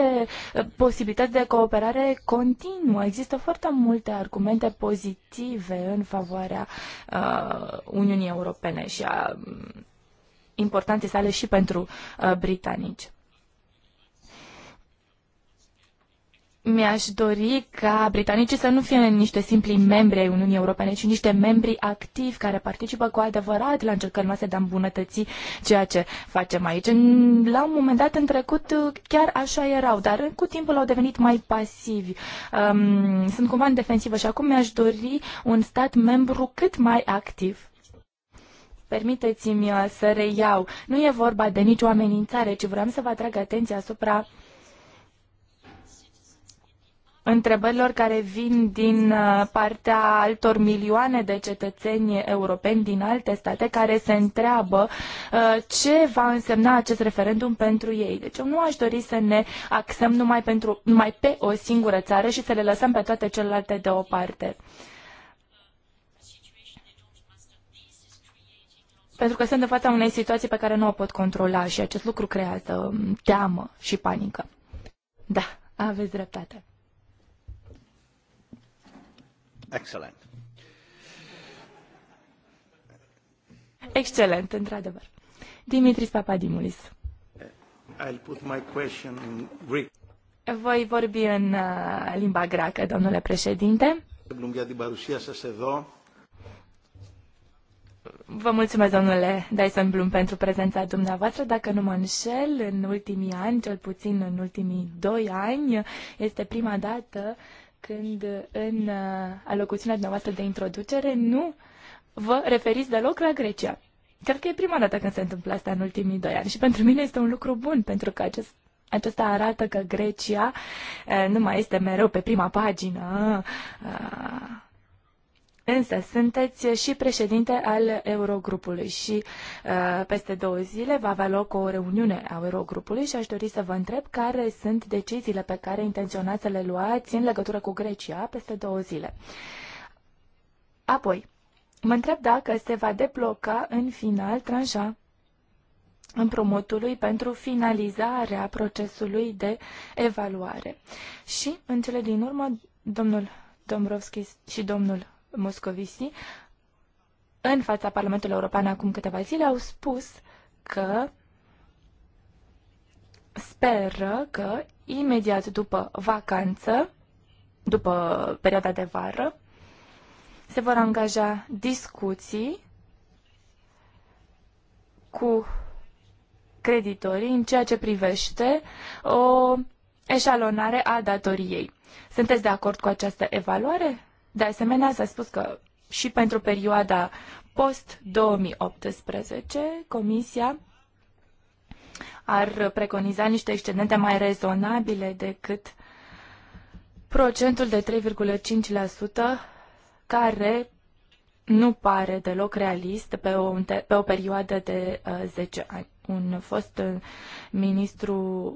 uh, posibilități de cooperare continuă. Există foarte multe argumente pozitive în favoarea uh, Uniunii Europene și a um, importanței sale și pentru uh, britanici. mi-aș dori ca britanicii să nu fie niște simpli membri ai Uniunii Europene, ci niște membri activi care participă cu adevărat la încercările noastre de a îmbunătăți ceea ce facem aici. La un moment dat în trecut chiar așa erau, dar cu timpul au devenit mai pasivi. Um, sunt cumva în defensivă și acum mi-aș dori un stat membru cât mai activ. Permiteți-mi uh, să reiau. Nu e vorba de nicio amenințare, ci vreau să vă atrag atenția asupra întrebărilor care vin din uh, partea altor milioane de cetățeni europeni din alte state care se întreabă uh, ce va însemna acest referendum pentru ei. Deci eu nu aș dori să ne axăm numai, pentru, numai pe o singură țară și să le lăsăm pe toate celelalte deoparte. Pentru că sunt în fața unei situații pe care nu o pot controla și acest lucru creează um, teamă și panică. Da, aveți dreptate. Excelent. Excelent, într-adevăr. Dimitris Papadimulis. I'll put my question in Greek. Voi vorbi în uh, limba greacă, domnule președinte. Vă mulțumesc, domnule Dyson Blum, pentru prezența dumneavoastră. Dacă nu mă înșel, în ultimii ani, cel puțin în ultimii doi ani, este prima dată uh, când în uh, alocuțiunea dumneavoastră de introducere nu vă referiți deloc la Grecia. Cred că e prima dată când se întâmplă asta în ultimii doi ani și pentru mine este un lucru bun, pentru că acest acesta arată că Grecia uh, nu mai este mereu pe prima pagină uh, Însă sunteți și președinte al Eurogrupului și uh, peste două zile va avea loc o reuniune a Eurogrupului și aș dori să vă întreb care sunt deciziile pe care intenționați să le luați în legătură cu Grecia peste două zile. Apoi, mă întreb dacă se va debloca în final tranșa împrumutului pentru finalizarea procesului de evaluare. Și, în cele din urmă, domnul Dombrovski și domnul Moscovici în fața Parlamentului European acum câteva zile au spus că speră că imediat după vacanță, după perioada de vară, se vor angaja discuții cu creditorii în ceea ce privește o eșalonare a datoriei. Sunteți de acord cu această evaluare? De asemenea, s-a spus că și pentru perioada post-2018, Comisia ar preconiza niște excedente mai rezonabile decât procentul de 3,5% care nu pare deloc realist pe o, pe o perioadă de uh, 10 ani. Un fost uh, ministru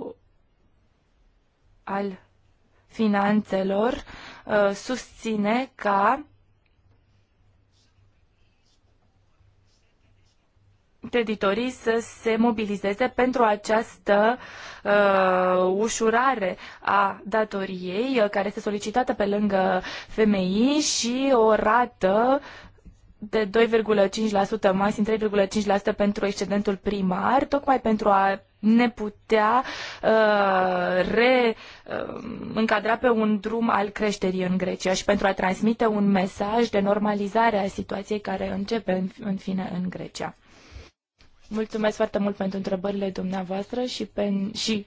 al finanțelor uh, susține ca creditorii să se mobilizeze pentru această uh, ușurare a datoriei uh, care este solicitată pe lângă FMI și o rată uh, de 2,5% maxim 3,5% pentru excedentul primar, tocmai pentru a ne putea uh, reîncadra uh, pe un drum al creșterii în Grecia și pentru a transmite un mesaj de normalizare a situației care începe în, în fine în Grecia. Mulțumesc foarte mult pentru întrebările dumneavoastră și, pen, și uh,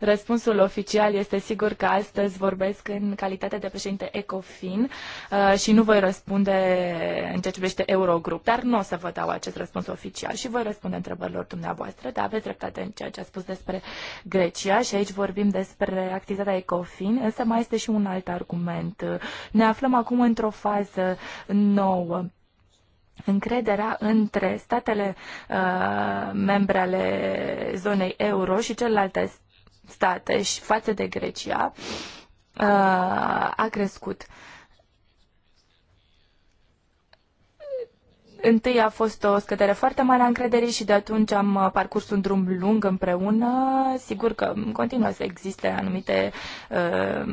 Răspunsul oficial este sigur că astăzi vorbesc în calitate de președinte ECOFIN uh, și nu voi răspunde în ceea ce privește Eurogrup, dar nu o să vă dau acest răspuns oficial și voi răspunde întrebărilor dumneavoastră, dar aveți dreptate în ceea ce a spus despre Grecia și aici vorbim despre activitatea ECOFIN, însă mai este și un alt argument. Ne aflăm acum într-o fază nouă încrederea între statele uh, membre ale zonei euro și celelalte state și față de Grecia uh, a crescut. Întâi a fost o scădere foarte mare a încrederii și de atunci am uh, parcurs un drum lung împreună. Sigur că continuă să existe anumite uh,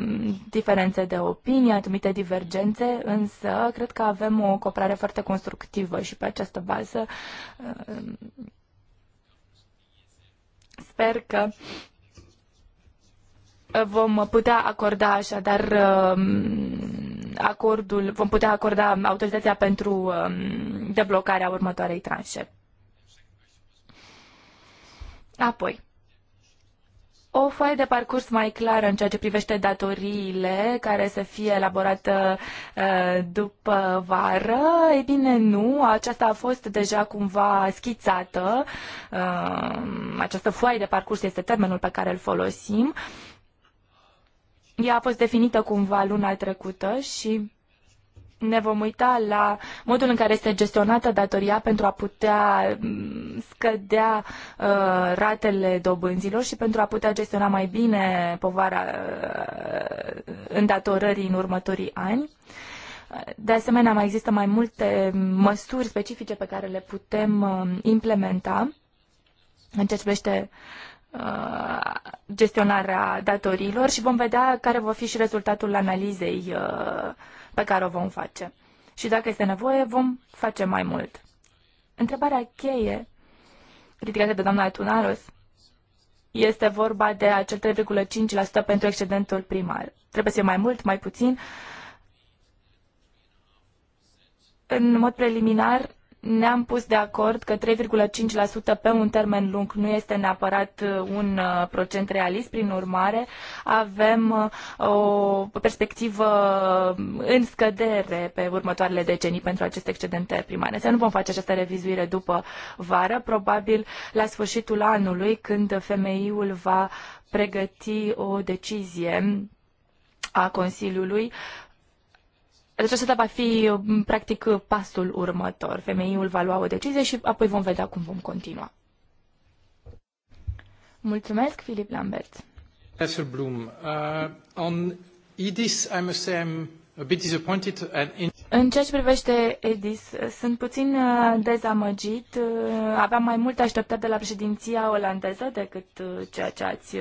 diferențe de opinie, anumite divergențe, însă cred că avem o cooperare foarte constructivă și pe această bază uh, sper că uh, vom putea acorda așadar um, acordul, vom putea acorda autoritatea pentru um, deblocarea următoarei tranșe. Apoi, o foaie de parcurs mai clară în ceea ce privește datoriile care să fie elaborată uh, după vară? E bine, nu. Aceasta a fost deja cumva schițată. Uh, această foaie de parcurs este termenul pe care îl folosim. Ea a fost definită cumva luna trecută și ne vom uita la modul în care este gestionată datoria pentru a putea mm, scădea uh, ratele dobânzilor și pentru a putea gestiona mai bine povara uh, îndatorării în următorii ani. De asemenea, mai există mai multe măsuri specifice pe care le putem uh, implementa în ceea ce privește Uh, gestionarea datorilor și vom vedea care va fi și rezultatul analizei uh, pe care o vom face. Și dacă este nevoie, vom face mai mult. Întrebarea cheie ridicată de doamna Tunaros este vorba de acel 3,5% pentru excedentul primar. Trebuie să fie mai mult, mai puțin. În mod preliminar, ne-am pus de acord că 3,5% pe un termen lung nu este neapărat uh, un uh, procent realist, prin urmare avem uh, o perspectivă în scădere pe următoarele decenii pentru aceste excedente primare. Să nu vom face această revizuire după vară, probabil la sfârșitul anului, când FMI-ul va pregăti o decizie a Consiliului uh, deci acesta va fi, practic, pasul următor. Femeiul va lua o decizie și apoi vom vedea cum vom continua. Mulțumesc, Filip Lambert. Professor Bloom, uh, on EDIS, I must say I'm în ceea ce privește EDIS, sunt puțin uh, dezamăgit. Uh, aveam mai mult așteptat de la președinția olandeză decât uh, ceea ce ați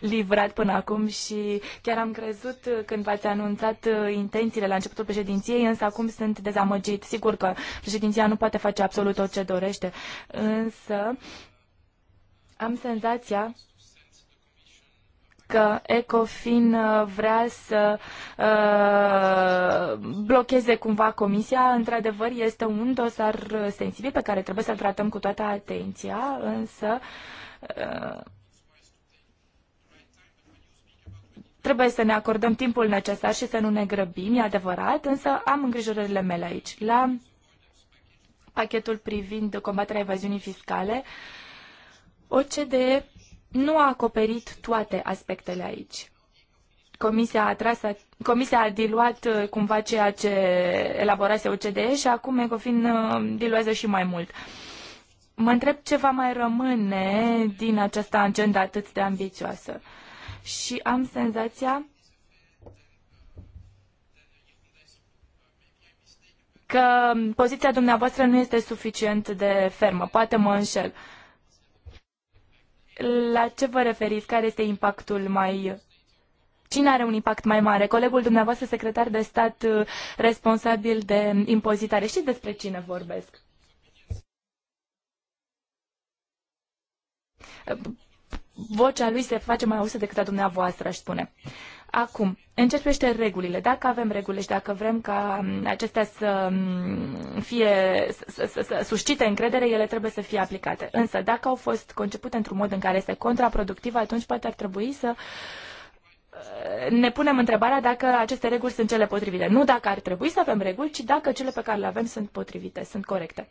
livrat până acum și chiar am crezut când v-ați anunțat intențiile la începutul președinției, însă acum sunt dezamăgit. Sigur că președinția nu poate face absolut tot ce dorește, însă am senzația că Ecofin uh, vrea să uh, blocheze cumva comisia. Într-adevăr, este un dosar uh, sensibil pe care trebuie să-l tratăm cu toată atenția, însă uh, trebuie să ne acordăm timpul necesar și să nu ne grăbim, e adevărat, însă am îngrijorările mele aici. La pachetul privind combaterea evaziunii fiscale, OCDE nu a acoperit toate aspectele aici. Comisia a, tras, comisia a diluat uh, cumva ceea ce elaborase OCDE și acum Ecofin uh, diluează și mai mult. Mă întreb ce va mai rămâne din această agenda atât de ambițioasă. Și am senzația că poziția dumneavoastră nu este suficient de fermă. Poate mă înșel. Uh, la ce vă referiți? Care este impactul mai... Cine are un impact mai mare? Colegul dumneavoastră, secretar de stat uh, responsabil de impozitare. Și despre cine vorbesc? Vocea lui se face mai auzită decât a dumneavoastră, aș spune. Acum, în ce privește regulile, dacă avem reguli și dacă vrem ca um, acestea să um, fie să, să, să suscite încredere, ele trebuie să fie aplicate. Însă, dacă au fost concepute într-un mod în care este contraproductiv, atunci poate ar trebui să uh, ne punem întrebarea dacă aceste reguli sunt cele potrivite. Nu dacă ar trebui să avem reguli, ci dacă cele pe care le avem sunt potrivite, sunt corecte.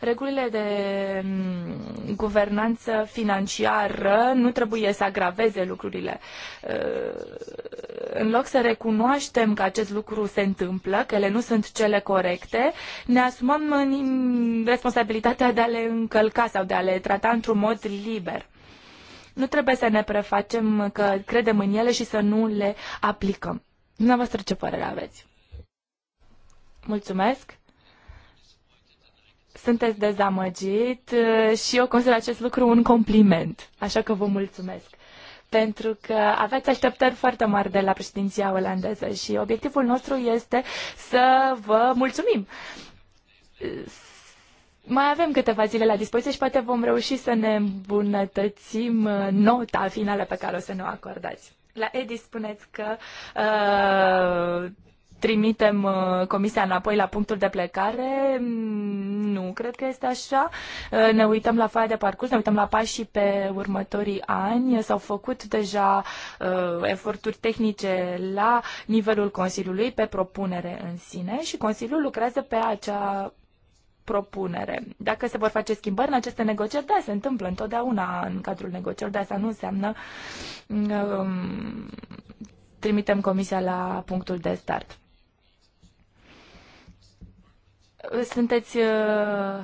Regulile de mm, guvernanță financiară nu trebuie să agraveze lucrurile. În loc să recunoaștem că acest lucru se întâmplă, că ele nu sunt cele corecte, ne asumăm responsabilitatea de a le încălca sau de a le trata într-un mod liber. Nu trebuie să ne prefacem că credem în ele și să nu le aplicăm. Dumneavoastră ce părere aveți? Mulțumesc sunteți dezamăgit uh, și eu consider acest lucru un compliment, așa că vă mulțumesc pentru că aveți așteptări foarte mari de la președinția olandeză și obiectivul nostru este să vă mulțumim. Uh, mai avem câteva zile la dispoziție și poate vom reuși să ne îmbunătățim uh, nota finală pe care o să ne o acordați. La Edi spuneți că uh, trimitem uh, comisia înapoi la punctul de plecare. Mm, nu cred că este așa. Uh, ne uităm la foaia de parcurs, ne uităm la pașii pe următorii ani. S-au făcut deja uh, eforturi tehnice la nivelul Consiliului pe propunere în sine și Consiliul lucrează pe acea propunere. Dacă se vor face schimbări în aceste negocieri, da, se întâmplă întotdeauna în cadrul negocierilor, dar asta nu înseamnă um, trimitem comisia la punctul de start sunteți uh,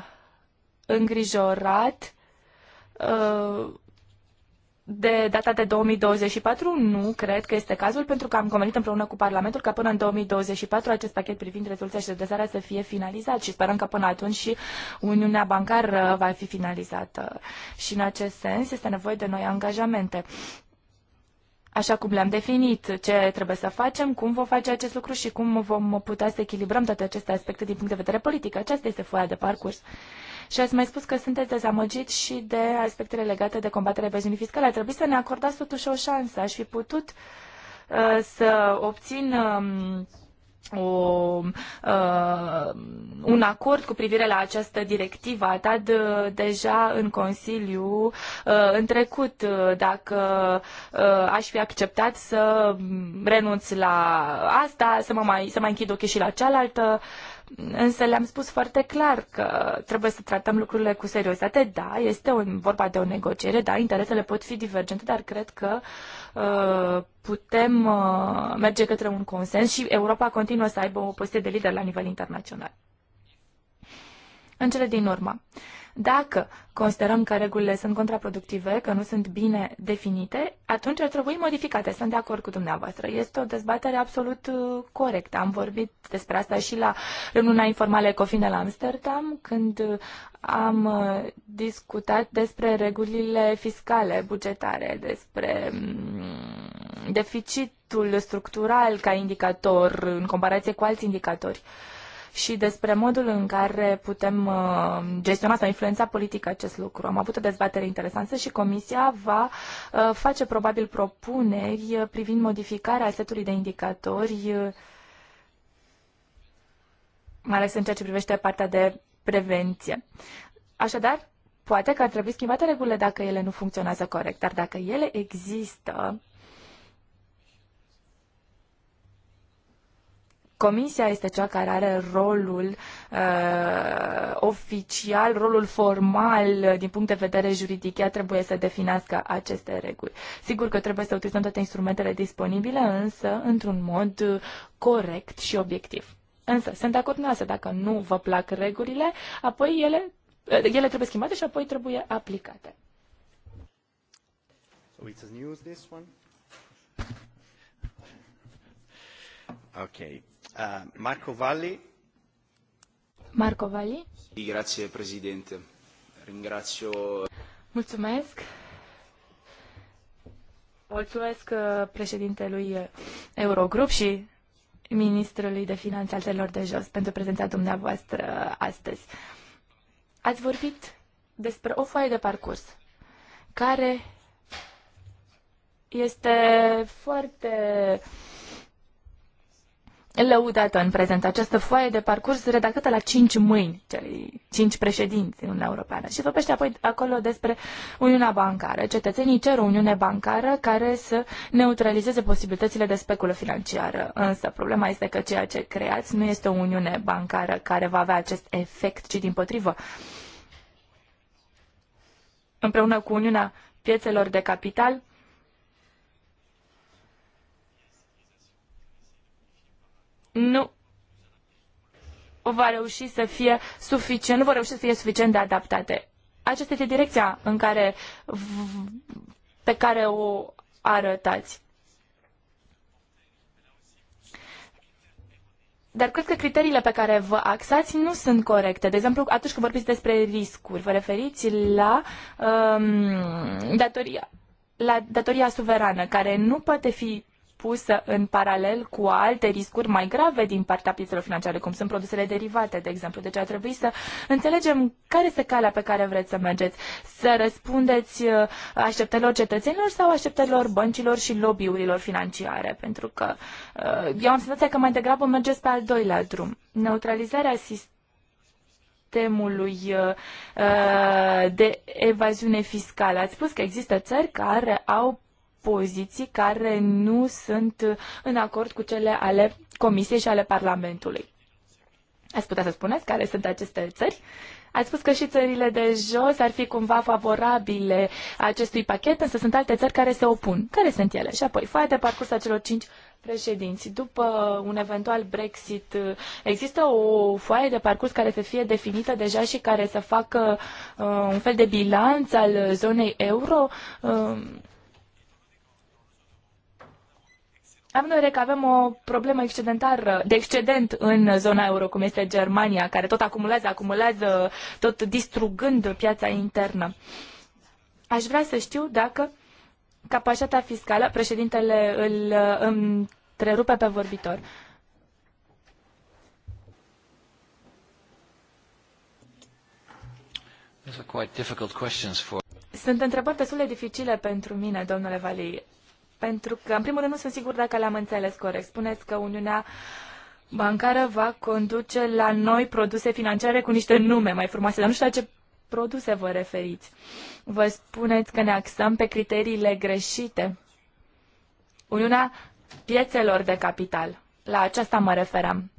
îngrijorat uh, de data de 2024? Nu cred că este cazul, pentru că am convenit împreună cu Parlamentul că până în 2024 acest pachet privind rezoluția și redresarea să fie finalizat și sperăm că până atunci și Uniunea Bancară va fi finalizată. Și în acest sens este nevoie de noi angajamente așa cum le-am definit, ce trebuie să facem, cum vom face acest lucru și cum vom putea să echilibrăm toate aceste aspecte din punct de vedere politic. Aceasta este foaia de parcurs. Și ați mai spus că sunteți dezamăgit și de aspectele legate de combaterea evaziunii fiscale. A trebuit să ne acordați totuși o șansă. Aș fi putut uh, să obțin uh, o, uh, un acord cu privire la această directivă a dat uh, deja în Consiliu uh, în trecut uh, dacă uh, aș fi acceptat să renunț la asta, să, mă mai, să mai închid ochii și la cealaltă. Însă le-am spus foarte clar că trebuie să tratăm lucrurile cu seriozitate. Da, este un, vorba de o negociere, da, interesele pot fi divergente, dar cred că uh, Uh, putem uh, merge către un consens și Europa continuă să aibă o poziție de lider la nivel internațional. În cele din urmă, dacă considerăm că regulile sunt contraproductive, că nu sunt bine definite, atunci ar trebui modificate. Sunt de acord cu dumneavoastră. Este o dezbatere absolut uh, corectă. Am vorbit despre asta și la reuniunea informală Ecofin la Amsterdam, când uh, am uh, discutat despre regulile fiscale, bugetare, despre mm, deficitul structural ca indicator în comparație cu alți indicatori. Uh, și despre modul în care putem uh, gestiona sau influența politic acest lucru. Am avut o dezbatere interesantă și Comisia va uh, face probabil propuneri uh, privind modificarea setului de indicatori, mai ales în ceea ce privește partea de prevenție. Așadar, poate că ar trebui schimbate regulile dacă ele nu funcționează corect, dar dacă ele există, Comisia este cea care are rolul uh, oficial, rolul formal uh, din punct de vedere juridic. Ea trebuie să definească aceste reguli. Sigur că trebuie să utilizăm toate instrumentele disponibile, însă într-un mod uh, corect și obiectiv. Însă, sunt de acord noastră, dacă nu vă plac regulile, apoi ele, uh, ele trebuie schimbate și apoi trebuie aplicate. So it's news, this one? Okay. Uh, Marco Valli. Marco Valli. Grazie, Presidente. Ringrazio... Mulțumesc. Mulțumesc uh, președintelui Eurogrup și ministrului de finanțe al țărilor de jos pentru prezența dumneavoastră uh, astăzi. Ați vorbit despre o foaie de parcurs care este foarte uh, lăudată în prezent această foaie de parcurs redactată la cinci mâini, cei cinci președinți în Uniunea Europeană. Și vorbește apoi acolo despre Uniunea Bancară. Cetățenii cer o Uniune Bancară care să neutralizeze posibilitățile de speculă financiară. Însă problema este că ceea ce creați nu este o Uniune Bancară care va avea acest efect, ci din potrivă. Împreună cu Uniunea Piețelor de Capital, nu va reuși să fie suficient, nu vor reuși să fie suficient de adaptate. Aceasta este direcția în care, pe care o arătați. Dar cred că criteriile pe care vă axați nu sunt corecte. De exemplu, atunci când vorbiți despre riscuri, vă referiți la um, datoria la datoria suverană, care nu poate fi pusă în paralel cu alte riscuri mai grave din partea piețelor financiare, cum sunt produsele derivate, de exemplu. Deci ar trebui să înțelegem care este calea pe care vreți să mergeți, să răspundeți uh, așteptărilor cetățenilor sau așteptărilor băncilor și lobby-urilor financiare, pentru că uh, eu am senzația că mai degrabă mergeți pe al doilea drum. Neutralizarea sistemului sistemului uh, de evaziune fiscală. Ați spus că există țări care au poziții care nu sunt în acord cu cele ale Comisiei și ale Parlamentului. Ați putea să spuneți care sunt aceste țări? Ați spus că și țările de jos ar fi cumva favorabile acestui pachet, însă sunt alte țări care se opun. Care sunt ele? Și apoi, foaia de parcurs a celor cinci președinți. După un eventual Brexit, există o foaie de parcurs care să fie definită deja și care să facă uh, un fel de bilanț al zonei euro? Uh, Avem noi că avem o problemă excedentară, de excedent în zona euro, cum este Germania, care tot acumulează, acumulează, tot distrugând piața internă. Aș vrea să știu dacă capacitatea fiscală, președintele îl uh, întrerupe pe vorbitor. Sunt întrebări destul de dificile pentru mine, domnule Valii pentru că, în primul rând, nu sunt sigur dacă le am înțeles corect. Spuneți că Uniunea Bancară va conduce la noi produse financiare cu niște nume mai frumoase, dar nu știu la ce produse vă referiți. Vă spuneți că ne axăm pe criteriile greșite. Uniunea piețelor de capital. La aceasta mă referam.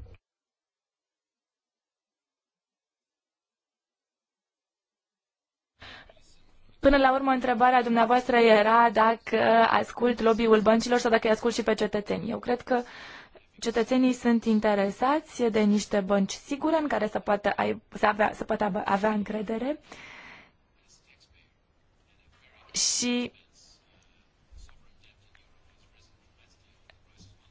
Până la urmă, întrebarea dumneavoastră era dacă ascult lobby-ul băncilor sau dacă îi ascult și pe cetățeni. Eu cred că cetățenii sunt interesați de niște bănci sigure în care să poată, ai, să avea, să poată avea încredere și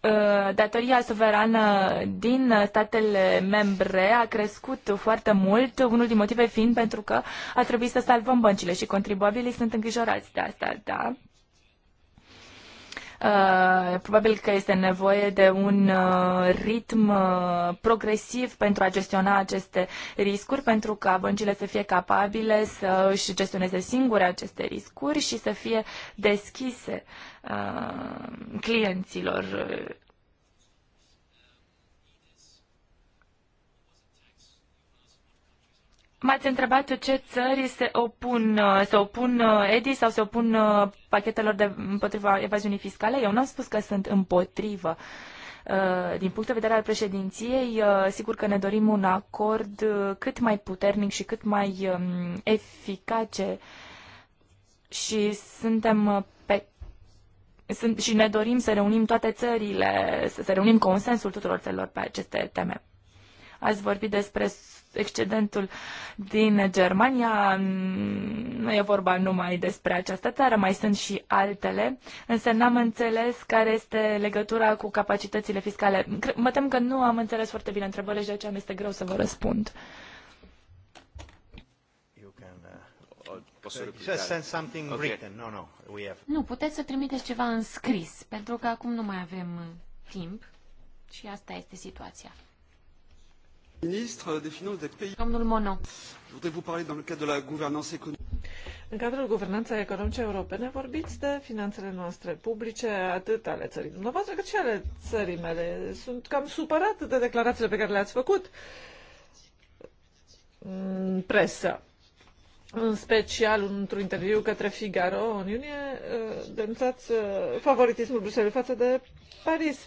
Uh, datoria suverană din statele membre a crescut foarte mult, unul din motive fiind pentru că a trebuit să salvăm băncile și contribuabilii sunt îngrijorați de asta, da. Uh, probabil că este nevoie de un uh, ritm uh, progresiv pentru a gestiona aceste riscuri, pentru ca băncile să fie capabile să își gestioneze singure aceste riscuri și să fie deschise clienților M-ați întrebat ce țări se opun, uh, se opun uh, EDI sau se opun uh, pachetelor de împotriva evaziunii fiscale. Eu n-am spus că sunt împotrivă. Din punct de vedere al președinției, sigur că ne dorim un acord cât mai puternic și cât mai um, eficace și suntem pe sunt, și ne dorim să reunim toate țările, să, să reunim consensul tuturor țărilor pe aceste teme. Ați vorbit despre excedentul din Germania. Nu e vorba numai despre această țară, mai sunt și altele, însă n-am înțeles care este legătura cu capacitățile fiscale. Mă tem că nu am înțeles foarte bine întrebările și de aceea mi este greu să vă răspund. Nu, puteți să trimiteți ceva în scris, pentru că acum nu mai avem uh, timp și asta este situația. Ministre des Finances des pays. vous parler dans le cadre de la gouvernance économique. În cadrul guvernanței economice europene vorbiți de finanțele noastre publice, atât ale țării dumneavoastră, cât și ale țării mele. Sunt cam supărat de declarațiile pe care le-ați făcut în presă în special într-un interviu către Figaro în iunie, uh, denunțați uh, favoritismul Bruxelles față de Paris,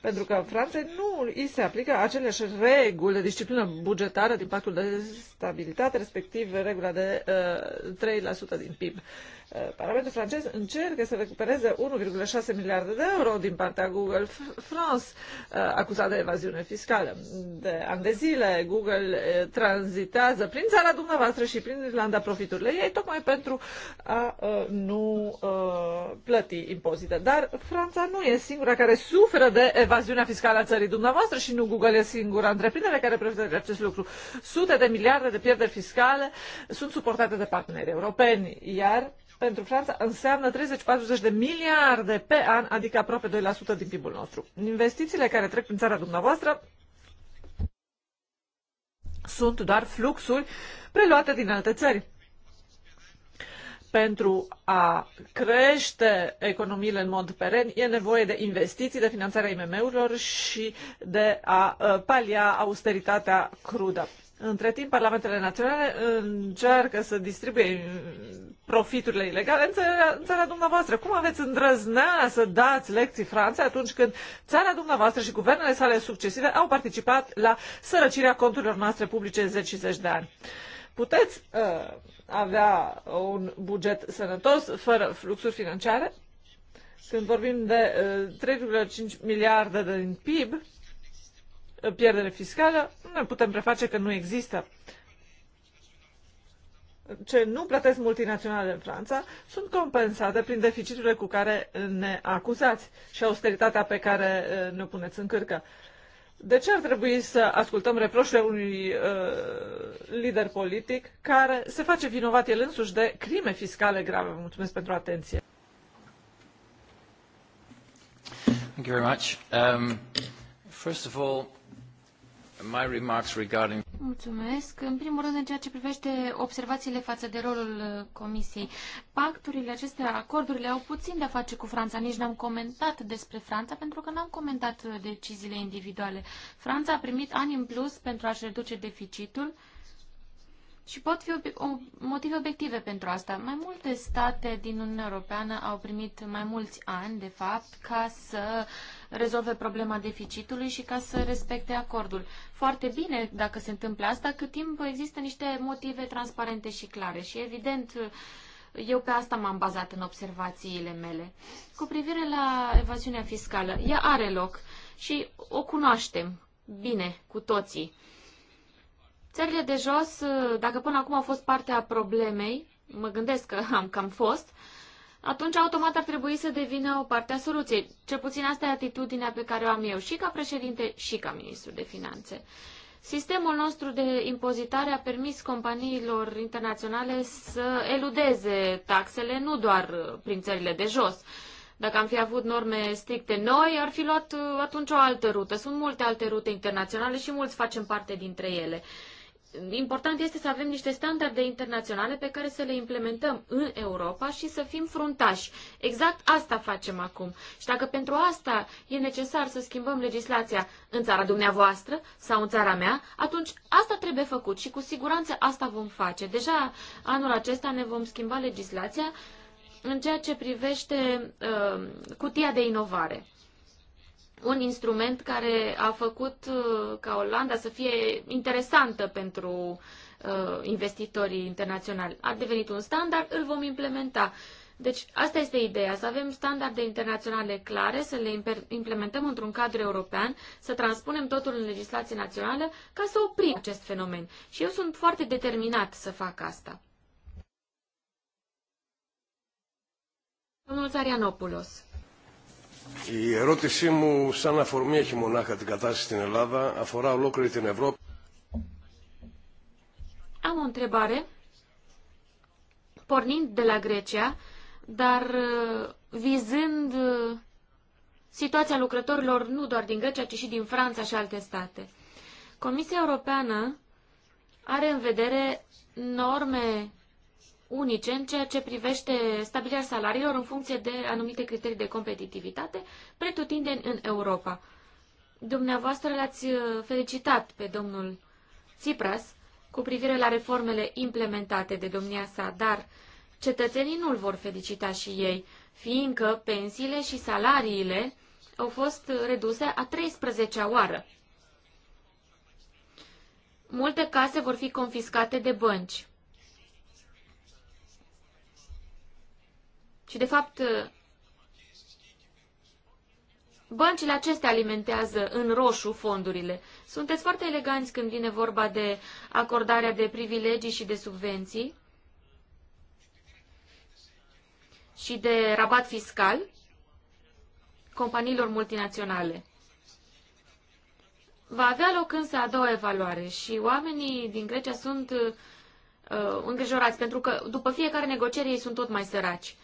pentru că Franța nu îi se aplică aceleași reguli de disciplină bugetară din pactul de stabilitate, respectiv regula de 3% uh, din PIB. Eh, Parlamentul francez încercă să recupereze 1,6 miliarde de euro din partea Google France, eh, acuzat de evaziune fiscală. De ani de zile, Google eh, tranzitează prin țara dumneavoastră și prin Irlanda profiturile ei, tocmai pentru a nu plăti impozite. Dar Franța nu e singura care suferă de evaziunea fiscală a țării dumneavoastră și nu Google e singura întreprindere care profită de acest lucru. Sute de miliarde de pierderi fiscale sunt suportate de parteneri europeni, iar pentru Franța înseamnă 30-40 de miliarde pe an, adică aproape 2% din PIB-ul nostru. Investițiile care trec prin țara dumneavoastră sunt doar fluxuri preluate din alte țări. Pentru a crește economiile în mod peren, e nevoie de investiții, de finanțarea IMM-urilor și de a uh, palia austeritatea crudă. Între timp, parlamentele naționale încearcă să distribuie profiturile ilegale în țara, în țara dumneavoastră. Cum aveți îndrăznea să dați lecții Franței atunci când țara dumneavoastră și guvernele sale succesive au participat la sărăcirea conturilor noastre publice zeci și zeci de ani? Puteți uh, avea un buget sănătos fără fluxuri financiare? Când vorbim de uh, 3,5 miliarde din PIB, pierdere fiscală, nu putem preface că nu există. Ce nu plătesc multinaționale în Franța sunt compensate prin deficiturile cu care ne acuzați și austeritatea pe care ne puneți în cârcă. De ce ar trebui să ascultăm reproșurile unui uh, lider politic care se face vinovat el însuși de crime fiscale grave? Vă mulțumesc pentru atenție. Thank you very much. Um, first of all, My remarks regarding... Mulțumesc. În primul rând, în ceea ce privește observațiile față de rolul uh, Comisiei, pacturile acestea, acordurile au puțin de a face cu Franța. Nici n-am comentat despre Franța pentru că n-am comentat uh, deciziile individuale. Franța a primit ani în plus pentru a-și reduce deficitul și pot fi motive obiective pentru asta. Mai multe state din Uniunea Europeană au primit mai mulți ani, de fapt, ca să rezolve problema deficitului și ca să respecte acordul. Foarte bine dacă se întâmplă asta, cât timp există niște motive transparente și clare. Și evident, eu pe asta m-am bazat în observațiile mele. Cu privire la evaziunea fiscală, ea are loc și o cunoaștem bine cu toții Țările de jos, ă, dacă până acum au fost parte a problemei, mă gândesc că am cam fost, atunci automat ar trebui să devină o parte a soluției. Cel puțin asta e atitudinea pe care o am eu și ca președinte și ca ministru de finanțe. Sistemul nostru de impozitare a permis companiilor internaționale să eludeze taxele nu doar ă, prin țările de jos. Dacă am fi avut norme stricte noi, ar fi luat ă, atunci o altă rută. Sunt multe alte rute internaționale și mulți facem parte dintre ele important este să avem niște standarde internaționale pe care să le implementăm în Europa și să fim fruntași. Exact asta facem acum. Și dacă pentru asta e necesar să schimbăm legislația în țara dumneavoastră sau în țara mea, atunci asta trebuie făcut și cu siguranță asta vom face. Deja anul acesta ne vom schimba legislația în ceea ce privește uh, cutia de inovare un instrument care a făcut uh, ca Olanda să fie interesantă pentru uh, investitorii internaționali. A devenit un standard, îl vom implementa. Deci asta este ideea, să avem standarde internaționale clare, să le implementăm într-un cadru european, să transpunem totul în legislație națională ca să oprim acest fenomen. Și eu sunt foarte determinat să fac asta. Domnul Zarianopoulos. Η ερώτησή μου, σαν αφορμή έχει μονάχα την κατάσταση στην Ελλάδα, αφορά ολόκληρη την Ευρώπη. Am o întrebare, pornind de la Grecia, dar uh, vizând uh, situația lucrătorilor nu doar din Grecia, ci și din Franța și alte state. Comisia Europeană are în vedere norme unice în ceea ce privește stabilirea salariilor în funcție de anumite criterii de competitivitate, pretutindeni în Europa. Dumneavoastră l-ați uh, felicitat pe domnul Tsipras cu privire la reformele implementate de domnia sa, dar cetățenii nu-l vor felicita și ei, fiindcă pensiile și salariile au fost reduse a 13-a oară. Multe case vor fi confiscate de bănci. Și de fapt băncile acestea alimentează în roșu fondurile. Sunteți foarte eleganți când vine vorba de acordarea de privilegii și de subvenții și de rabat fiscal companiilor multinaționale. Va avea loc însă a doua evaluare și oamenii din Grecia sunt uh, îngrijorați, pentru că după fiecare negociere ei sunt tot mai săraci.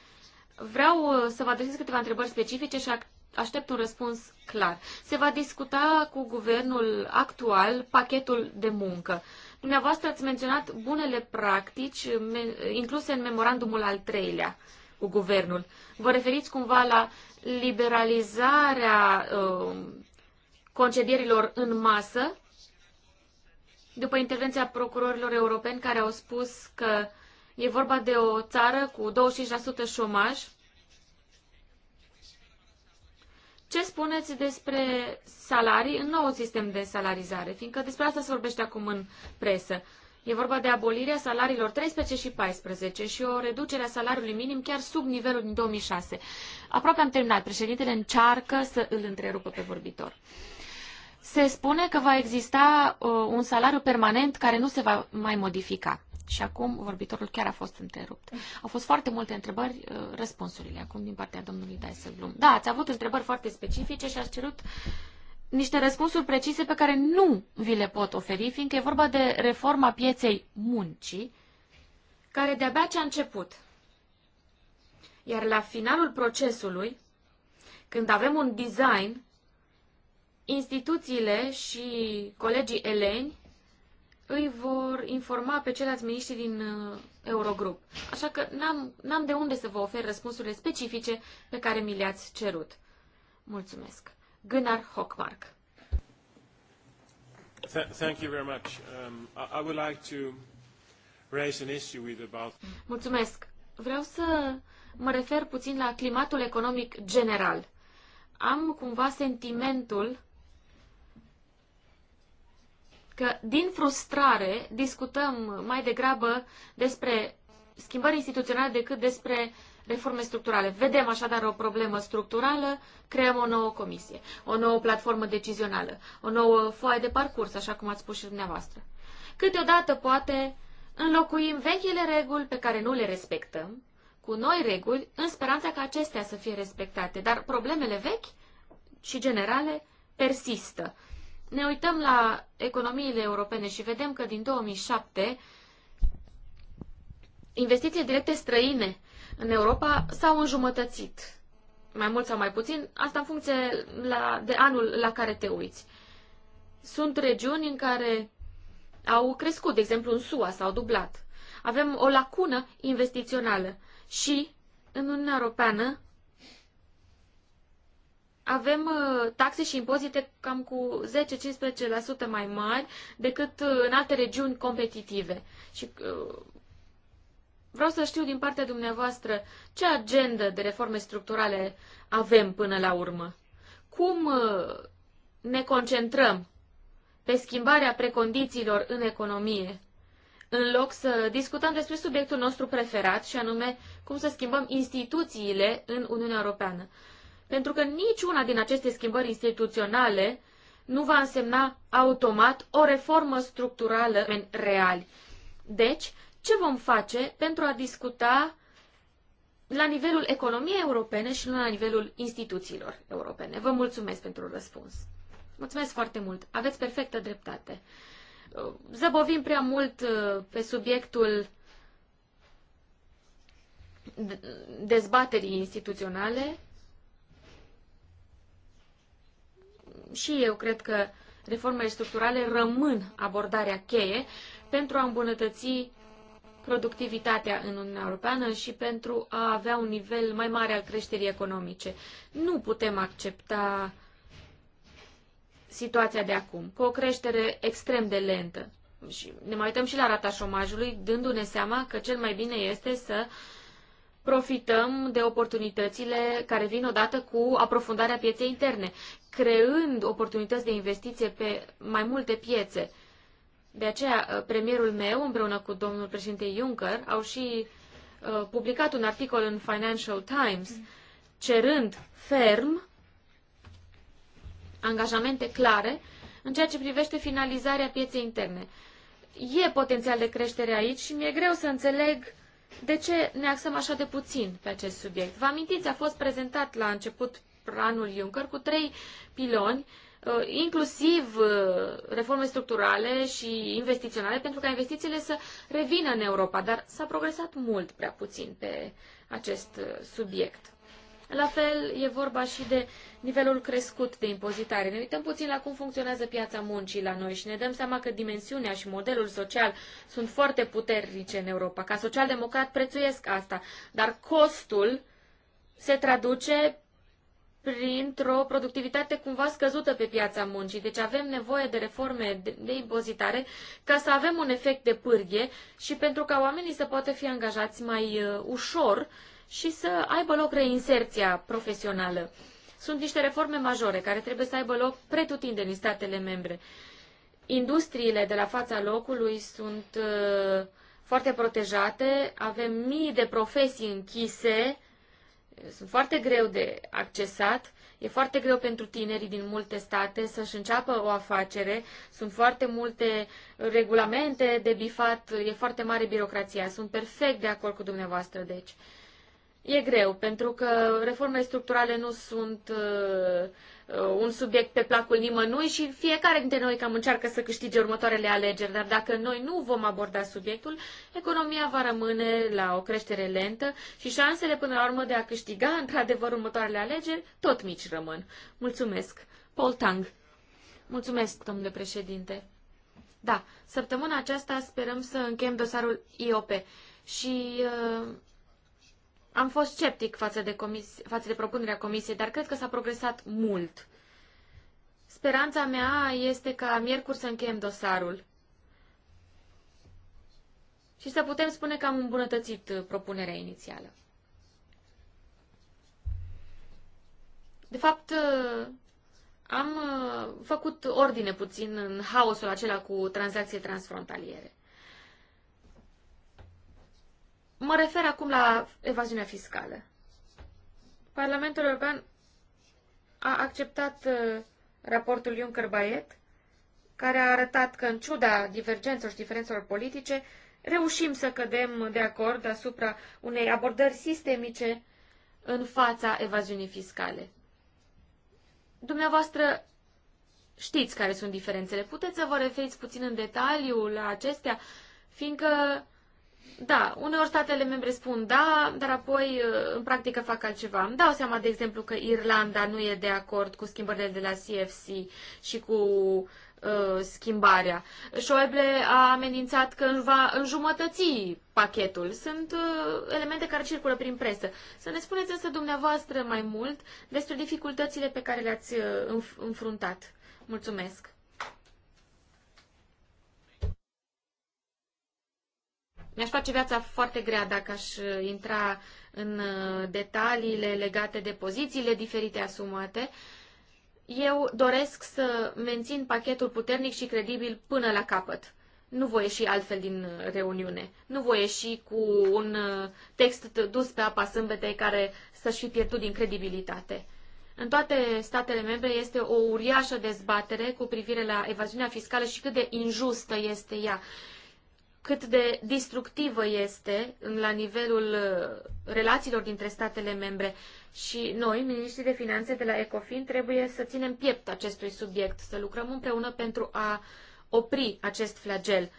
Vreau uh, să vă adresez câteva întrebări specifice și aștept un răspuns clar. Se va discuta cu guvernul actual pachetul de muncă. Dumneavoastră ați menționat bunele practici incluse în memorandumul al treilea cu guvernul. Vă referiți cumva la liberalizarea uh, concedierilor în masă după intervenția procurorilor europeni care au spus că uh, E vorba de o țară cu 25% șomaj. Ce spuneți despre salarii în nou sistem de salarizare? Fiindcă despre asta se vorbește acum în presă. E vorba de abolirea salariilor 13 și 14 și o reducere a salariului minim chiar sub nivelul din 2006. Aproape am terminat. Președintele încearcă să îl întrerupă pe vorbitor. Se spune că va exista uh, un salariu permanent care nu se va mai modifica. Și acum vorbitorul chiar a fost întrerupt. Au fost foarte multe întrebări, uh, răspunsurile acum din partea domnului Dijsselbloem. Da, ați avut întrebări foarte specifice și ați cerut niște răspunsuri precise pe care nu vi le pot oferi, fiindcă e vorba de reforma pieței muncii, care de-abia ce a început. Iar la finalul procesului, când avem un design, instituțiile și colegii eleni îi vor informa pe ceilalți miniștri din uh, Eurogrup. Așa că n-am, n-am de unde să vă ofer răspunsurile specifice pe care mi le-ați cerut. Mulțumesc. Gunnar Hockmark. Thank you very much. Um, I would like to raise an issue with about... Mulțumesc. Vreau să mă refer puțin la climatul economic general. Am cumva sentimentul că din frustrare discutăm mai degrabă despre schimbări instituționale decât despre reforme structurale. Vedem așadar o problemă structurală, creăm o nouă comisie, o nouă platformă decizională, o nouă foaie de parcurs, așa cum ați spus și dumneavoastră. Câteodată, poate, înlocuim vechile reguli pe care nu le respectăm cu noi reguli, în speranța că acestea să fie respectate, dar problemele vechi și generale persistă ne uităm la economiile europene și vedem că din 2007 investițiile directe străine în Europa s-au înjumătățit, mai mult sau mai puțin, asta în funcție la, de anul la care te uiți. Sunt regiuni în care au crescut, de exemplu în SUA s-au dublat. Avem o lacună investițională și în Uniunea Europeană avem uh, taxe și impozite cam cu 10-15% mai mari decât uh, în alte regiuni competitive. Și uh, vreau să știu din partea dumneavoastră ce agendă de reforme structurale avem până la urmă. Cum ne concentrăm pe schimbarea precondițiilor în economie, în loc să discutăm despre subiectul nostru preferat, și anume cum să schimbăm instituțiile în Uniunea Europeană pentru că niciuna din aceste schimbări instituționale nu va însemna automat o reformă structurală în reali. Deci, ce vom face pentru a discuta la nivelul economiei europene și nu la nivelul instituțiilor europene? Vă mulțumesc pentru răspuns. Mulțumesc foarte mult. Aveți perfectă dreptate. Zăbovim prea mult uh, pe subiectul dezbaterii instituționale și eu cred că reformele structurale rămân abordarea cheie pentru a îmbunătăți productivitatea în Uniunea Europeană și pentru a avea un nivel mai mare al creșterii economice. Nu putem accepta situația de acum, cu o creștere extrem de lentă. Și ne mai uităm și la rata șomajului, dându-ne seama că cel mai bine este să profităm de oportunitățile care vin odată cu aprofundarea pieței interne creând oportunități de investiție pe mai multe piețe. De aceea, uh, premierul meu, împreună cu domnul președinte Juncker, au și uh, publicat un articol în Financial Times cerând ferm angajamente clare în ceea ce privește finalizarea pieței interne. E potențial de creștere aici și mi-e greu să înțeleg de ce ne axăm așa de puțin pe acest subiect. Vă amintiți, a fost prezentat la început planul Juncker cu trei piloni, uh, inclusiv uh, reforme structurale și investiționale, pentru ca investițiile să revină în Europa, dar s-a progresat mult prea puțin pe acest uh, subiect. La fel, e vorba și de nivelul crescut de impozitare. Ne uităm puțin la cum funcționează piața muncii la noi și ne dăm seama că dimensiunea și modelul social sunt foarte puternice în Europa. Ca social-democrat prețuiesc asta, dar costul se traduce printr-o productivitate cumva scăzută pe piața muncii. Deci avem nevoie de reforme de, impozitare ca să avem un efect de pârghie și pentru ca oamenii să poată fi angajați mai uh, ușor și să aibă loc reinserția profesională. Sunt niște reforme majore care trebuie să aibă loc pretutindeni în statele membre. Industriile de la fața locului sunt uh, foarte protejate, avem mii de profesii închise, sunt foarte greu de accesat, e foarte greu pentru tinerii din multe state să-și înceapă o afacere, sunt foarte multe regulamente de bifat, e foarte mare birocrația. Sunt perfect de acord cu dumneavoastră, deci. E greu, pentru că reformele structurale nu sunt uh, Uh, un subiect pe placul nimănui și fiecare dintre noi cam încearcă să câștige următoarele alegeri, dar dacă noi nu vom aborda subiectul, economia va rămâne la o creștere lentă și șansele până la urmă de a câștiga într-adevăr următoarele alegeri tot mici rămân. Mulțumesc. Paul Tang. Mulțumesc, domnule președinte. Da, săptămâna aceasta sperăm să încheiem dosarul IOP și uh, am fost sceptic față de, comis- față de propunerea comisiei, dar cred că s-a progresat mult. Speranța mea este ca miercuri să încheiem dosarul și să putem spune că am îmbunătățit propunerea inițială. De fapt, am uh, făcut ordine puțin în haosul acela cu tranzacții transfrontaliere. Mă refer acum la evaziunea fiscală. Parlamentul European a acceptat uh, raportul Juncker-Bayet, care a arătat că, în ciuda divergențelor și diferențelor politice, reușim să cădem de acord asupra unei abordări sistemice în fața evaziunii fiscale. Dumneavoastră știți care sunt diferențele. Puteți să vă referiți puțin în detaliu la acestea, fiindcă da, uneori statele membre spun da, dar apoi uh, în practică fac altceva. Îmi dau seama, de exemplu, că Irlanda nu e de acord cu schimbările de la CFC și cu uh, schimbarea. Schäuble a amenințat că va înjumătăți pachetul. Sunt uh, elemente care circulă prin presă. Să ne spuneți însă dumneavoastră mai mult despre dificultățile pe care le-ați uh, înf- înfruntat. Mulțumesc! Mi-aș face viața foarte grea dacă aș uh, intra în uh, detaliile legate de pozițiile diferite asumate. Eu doresc să mențin pachetul puternic și credibil până la capăt. Nu voi ieși altfel din uh, reuniune. Nu voi ieși cu un text dus pe apa sâmbetei care să-și fi pierdut din credibilitate. În toate statele membre este o uriașă dezbatere cu privire la evaziunea fiscală și cât de injustă este ea cât de distructivă este la nivelul uh, relațiilor dintre statele membre. Și noi, ministrii de finanțe de la Ecofin, trebuie să ținem piept acestui subiect, să lucrăm împreună pentru a opri acest flagel.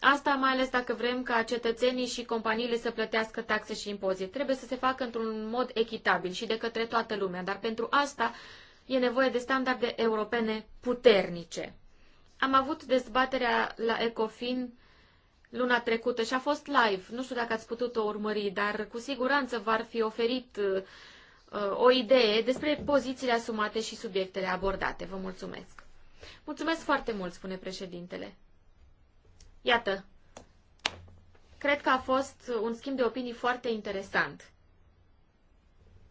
Asta mai ales dacă vrem ca cetățenii și companiile să plătească taxe și impozite. Trebuie să se facă într-un mod echitabil și de către toată lumea, dar pentru asta e nevoie de standarde europene puternice. Am avut dezbaterea la Ecofin luna trecută și a fost live. Nu știu dacă ați putut-o urmări, dar cu siguranță v-ar fi oferit uh, o idee despre pozițiile asumate și subiectele abordate. Vă mulțumesc. Mulțumesc foarte mult, spune președintele. Iată, cred că a fost un schimb de opinii foarte interesant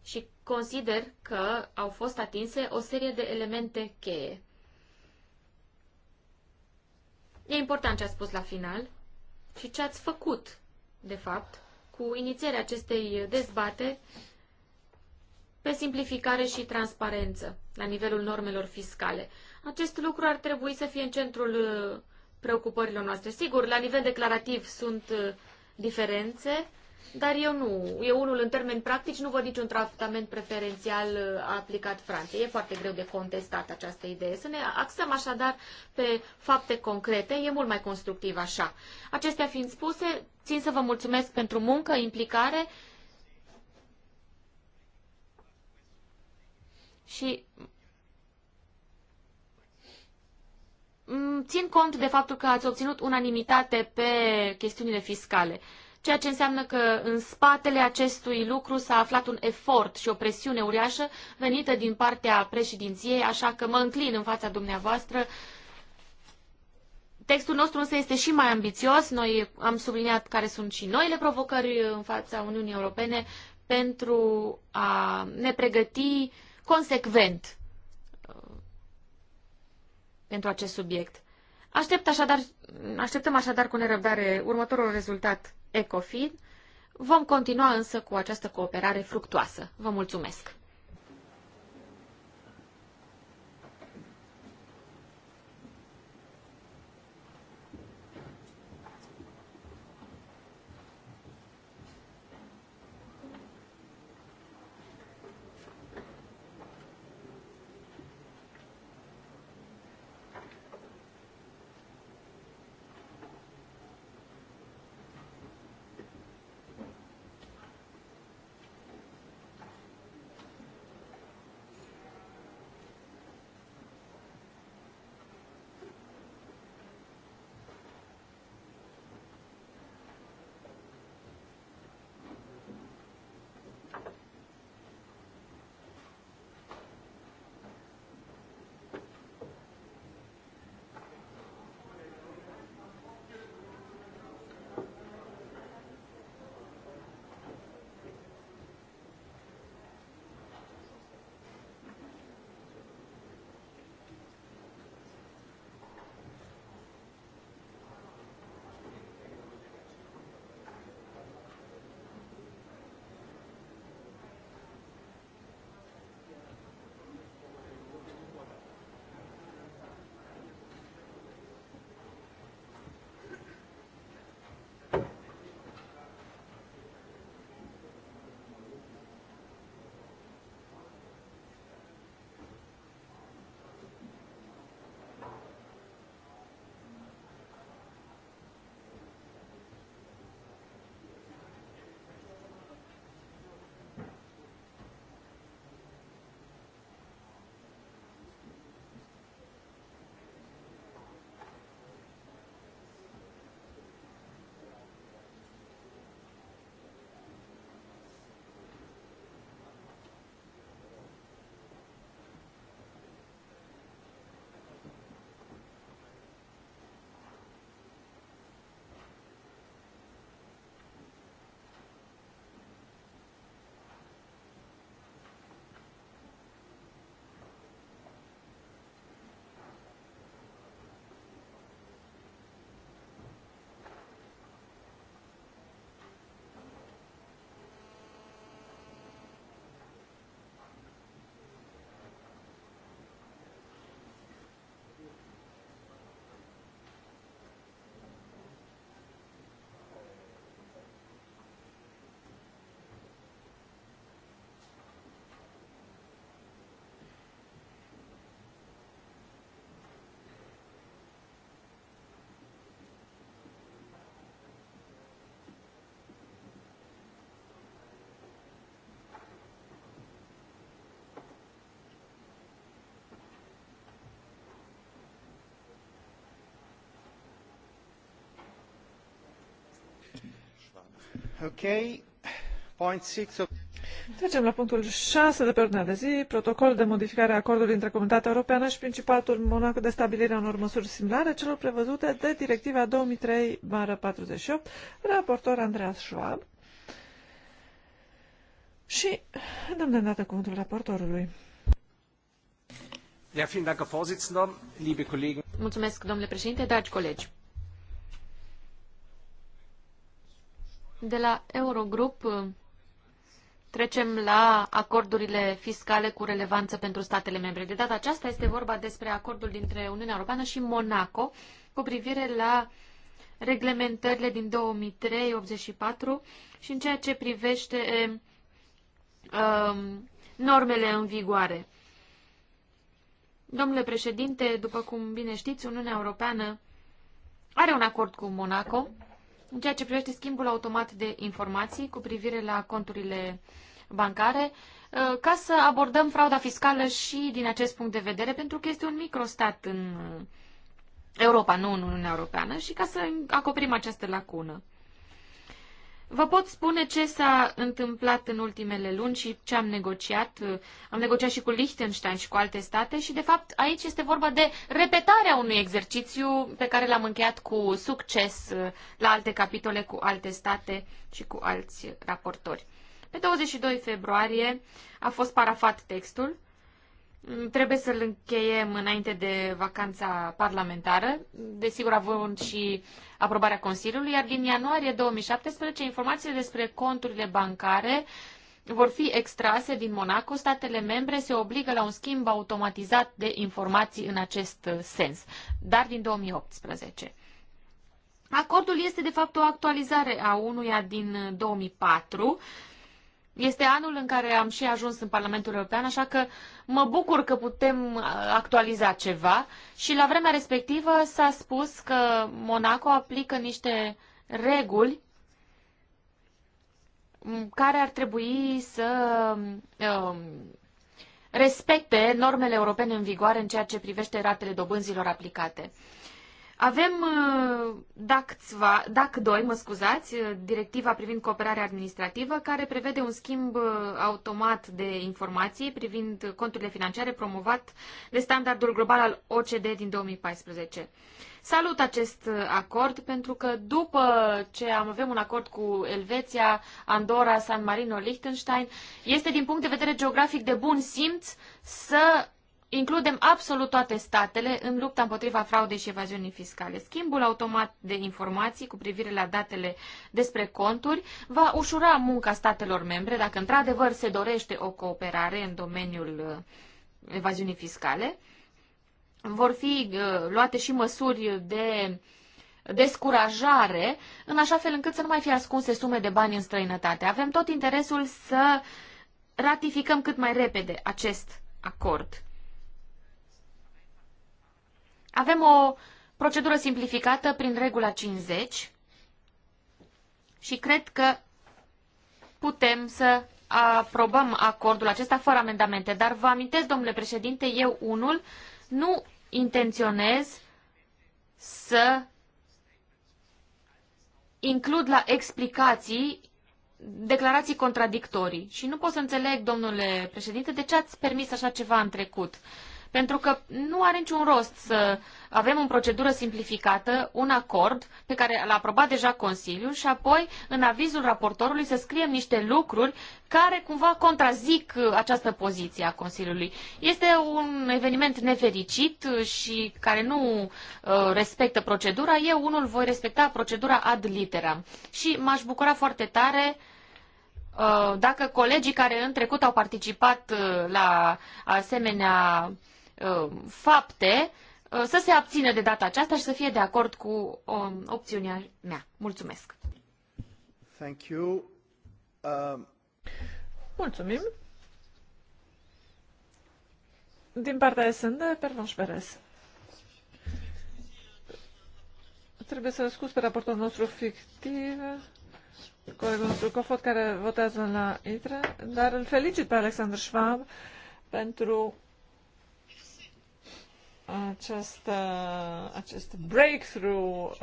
și consider că au fost atinse o serie de elemente cheie. E important ce a spus la final și ce ați făcut, de fapt, cu inițierea acestei dezbateri pe simplificare și transparență la nivelul normelor fiscale. Acest lucru ar trebui să fie în centrul uh, preocupărilor noastre. Sigur, la nivel declarativ sunt uh, diferențe, dar eu nu, eu unul în termeni practici nu văd niciun tratament preferențial uh, aplicat Franței. E foarte greu de contestat această idee. Să ne axăm așadar pe fapte concrete, e mult mai constructiv așa. Acestea fiind spuse, țin să vă mulțumesc pentru muncă, implicare și țin cont de faptul că ați obținut unanimitate pe chestiunile fiscale ceea ce înseamnă că în spatele acestui lucru s-a aflat un efort și o presiune uriașă venită din partea președinției, așa că mă înclin în fața dumneavoastră. Textul nostru însă este și mai ambițios. Noi am subliniat care sunt și noile provocări în fața Uniunii Europene pentru a ne pregăti consecvent uh, pentru acest subiect. Aștept așadar, așteptăm așadar cu nerăbdare următorul rezultat ECOFIN. Vom continua însă cu această cooperare fructuoasă. Vă mulțumesc! Trecem la punctul 6 de pe ordinea de zi, protocol de modificare a acordului între Comunitatea Europeană și Principatul Monaco de stabilire a unor măsuri similare celor prevăzute de Directiva 2003-48, raportor Andreas Schwab. Și dăm de îndată cuvântul raportorului. Mulțumesc, domnule președinte, dragi colegi. De la Eurogrup trecem la acordurile fiscale cu relevanță pentru statele membre. De data aceasta este vorba despre acordul dintre Uniunea Europeană și Monaco cu privire la reglementările din 2003-84 și în ceea ce privește um, normele în vigoare. Domnule președinte, după cum bine știți, Uniunea Europeană are un acord cu Monaco în ceea ce privește schimbul automat de informații cu privire la conturile bancare, uh, ca să abordăm frauda fiscală și din acest punct de vedere, pentru că este un microstat în Europa, nu în Uniunea Europeană, și ca să acoperim această lacună. Vă pot spune ce s-a întâmplat în ultimele luni și ce am negociat. Am negociat și cu Liechtenstein și cu alte state și, de fapt, aici este vorba de repetarea unui exercițiu pe care l-am încheiat cu succes uh, la alte capitole, cu alte state și cu alți raportori. Pe 22 februarie a fost parafat textul Trebuie să-l încheiem înainte de vacanța parlamentară, desigur având și aprobarea Consiliului, iar din ianuarie 2017 informațiile despre conturile bancare vor fi extrase din Monaco. Statele membre se obligă la un schimb automatizat de informații în acest sens, dar din 2018. Acordul este de fapt o actualizare a unuia din 2004 este anul în care am și ajuns în Parlamentul European, așa că mă bucur că putem uh, actualiza ceva și la vremea respectivă s-a spus că Monaco aplică niște reguli care ar trebui să um, respecte normele europene în vigoare în ceea ce privește ratele dobânzilor aplicate. Avem DAC2, uh, DAC2, mă scuzați, uh, directiva privind cooperarea administrativă, care prevede un schimb uh, automat de informații privind conturile financiare promovat de standardul global al OCD din 2014. Salut acest acord pentru că după ce am avem un acord cu Elveția, Andorra, San Marino, Liechtenstein, este din punct de vedere geografic de bun simț să includem absolut toate statele în lupta împotriva fraudei și evaziunii fiscale. Schimbul automat de informații cu privire la datele despre conturi va ușura munca statelor membre dacă într-adevăr se dorește o cooperare în domeniul uh, evaziunii fiscale. Vor fi uh, luate și măsuri de descurajare, în așa fel încât să nu mai fie ascunse sume de bani în străinătate. Avem tot interesul să ratificăm cât mai repede acest acord. Avem o procedură simplificată prin regula 50 și cred că putem să aprobăm acordul acesta fără amendamente. Dar vă amintesc, domnule președinte, eu unul nu intenționez să includ la explicații declarații contradictorii. Și nu pot să înțeleg, domnule președinte, de ce ați permis așa ceva în trecut. Pentru că nu are niciun rost să avem în procedură simplificată un acord pe care l-a aprobat deja Consiliul și apoi în avizul raportorului să scriem niște lucruri care cumva contrazic această poziție a Consiliului. Este un eveniment nefericit și care nu uh, respectă procedura. Eu unul voi respecta procedura ad literam și m-aș bucura foarte tare uh, dacă colegii care în trecut au participat uh, la asemenea Um, fapte, uh, să se abțină de data aceasta și să fie de acord cu um, opțiunea mea. Mulțumesc! Thank you. Um... Mulțumim! Din partea SND, Pervanș Perez. Trebuie să-l scuz pe raportul nostru fictiv, colegul nostru Cofot, care votează la ITRE, dar îl felicit pe Alexander Schwab pentru acest, acest breakthrough uh,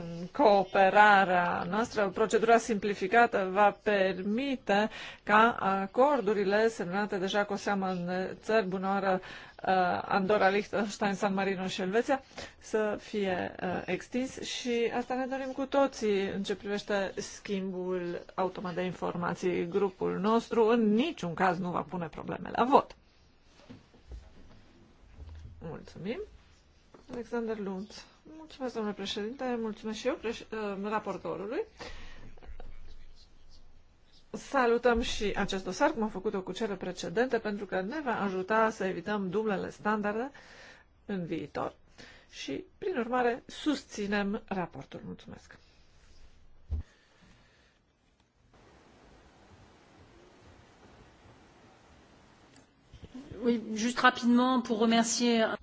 în cooperarea noastră, procedura simplificată va permite ca acordurile semnate deja cu o seamă în țări, bunoară, uh, Andorra, Liechtenstein, San Marino și Elveția să fie uh, extins și asta ne dorim cu toții în ce privește schimbul automat de informații. Grupul nostru în niciun caz nu va pune probleme la vot. Mulțumim. Alexander Lunt. Mulțumesc, domnule președinte. Mulțumesc și eu preș- uh, raportorului. Salutăm și acest dosar, cum am făcut-o cu cele precedente, pentru că ne va ajuta să evităm dublele standarde în viitor. Și, prin urmare, susținem raportul. Mulțumesc! Oui, juste rapidement pour remercier. Euh,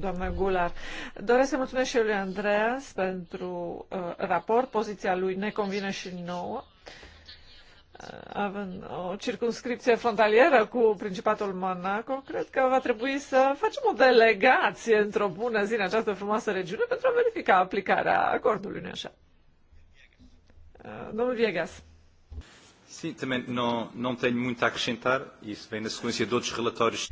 Doamna Gular, doresc să mulțumesc și eu lui Andreas pentru uh, raport. Poziția lui ne convine și nouă. Uh, având o circunscripție frontalieră cu Principatul Monaco, cred că va trebui să facem o delegație într-o bună zi în această frumoasă regiune pentru a verifica aplicarea acordului, nu așa? Uh, domnul Viegas. Sim, também não, não tenho muito a acrescentar, isso vem na sequência de outros relatórios.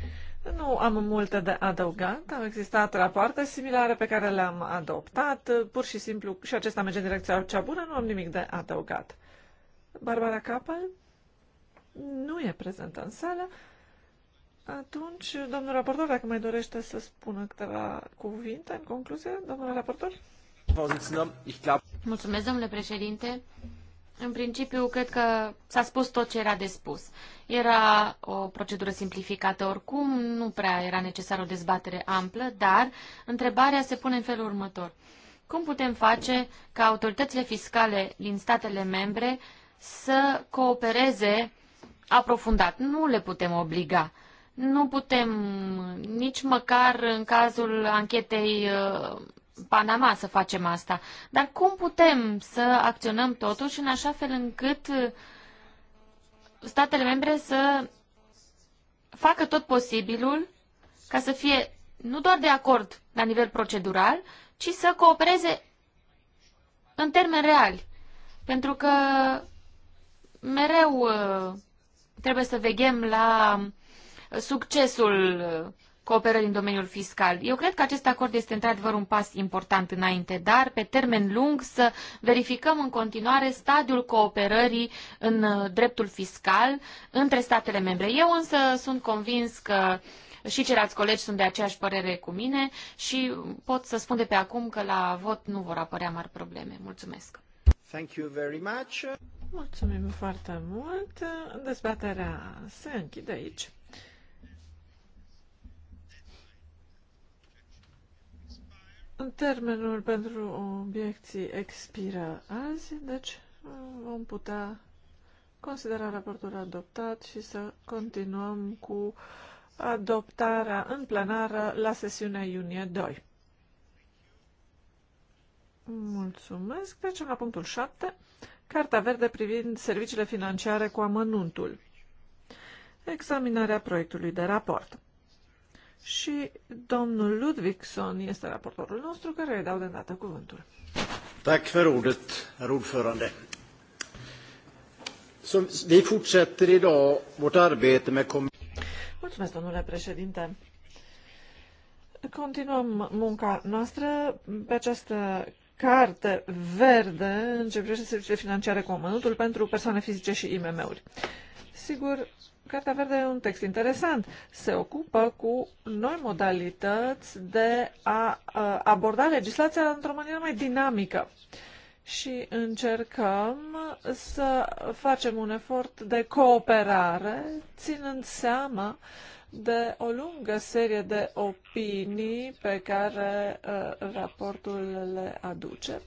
Nu am multe de adăugat, au existat rapoarte similare pe care le-am adoptat, pur și simplu și acesta merge în direcția cea bună, nu am nimic de adăugat. Barbara Capel nu e prezentă în sală. Atunci, domnul raportor, dacă mai dorește să spună câteva cuvinte în concluzie, domnul raportor? Mulțumesc, domnule președinte. În principiu, cred că s-a spus tot ce era de spus. Era o procedură simplificată oricum, nu prea era necesară o dezbatere amplă, dar întrebarea se pune în felul următor. Cum putem face ca autoritățile fiscale din statele membre să coopereze aprofundat? Nu le putem obliga. Nu putem nici măcar în cazul anchetei uh, Panama să facem asta. Dar cum putem să acționăm totuși în așa fel încât uh, statele membre să facă tot posibilul ca să fie nu doar de acord la nivel procedural, ci să coopereze în termeni reali. Pentru că mereu uh, trebuie să veghem la succesul uh, cooperării în domeniul fiscal. Eu cred că acest acord este într-adevăr un pas important înainte, dar pe termen lung să verificăm în continuare stadiul cooperării în uh, dreptul fiscal între statele membre. Eu însă sunt convins că și ceilalți colegi sunt de aceeași părere cu mine și pot să spun de pe acum că la vot nu vor apărea mari probleme. Mulțumesc! Thank you very much. Mulțumim foarte mult. Dezbaterea se închide aici. Termenul pentru obiecții expiră azi, deci mm, vom putea considera raportul adoptat și să continuăm cu adoptarea în plenară la sesiunea iunie 2. Mulțumesc. Trecem la punctul 7. Carta verde privind serviciile financiare cu amănuntul. Examinarea proiectului de raport și domnul Ludvigson este raportorul nostru, care îi dau de îndată cuvântul. Tack för ordet, herr ordförande. Som, vi fortsätter idag vårt arbete med Mulțumesc, domnule președinte. Continuăm munca noastră pe această carte verde în ce privește serviciile financiare cu pentru persoane fizice și IMM-uri. Sigur, Cartea Verde e un text interesant. Se ocupă cu noi modalități de a aborda legislația într-o manieră mai dinamică și încercăm să facem un efort de cooperare, ținând seama de o lungă serie de opinii pe care uh, raportul le aduce.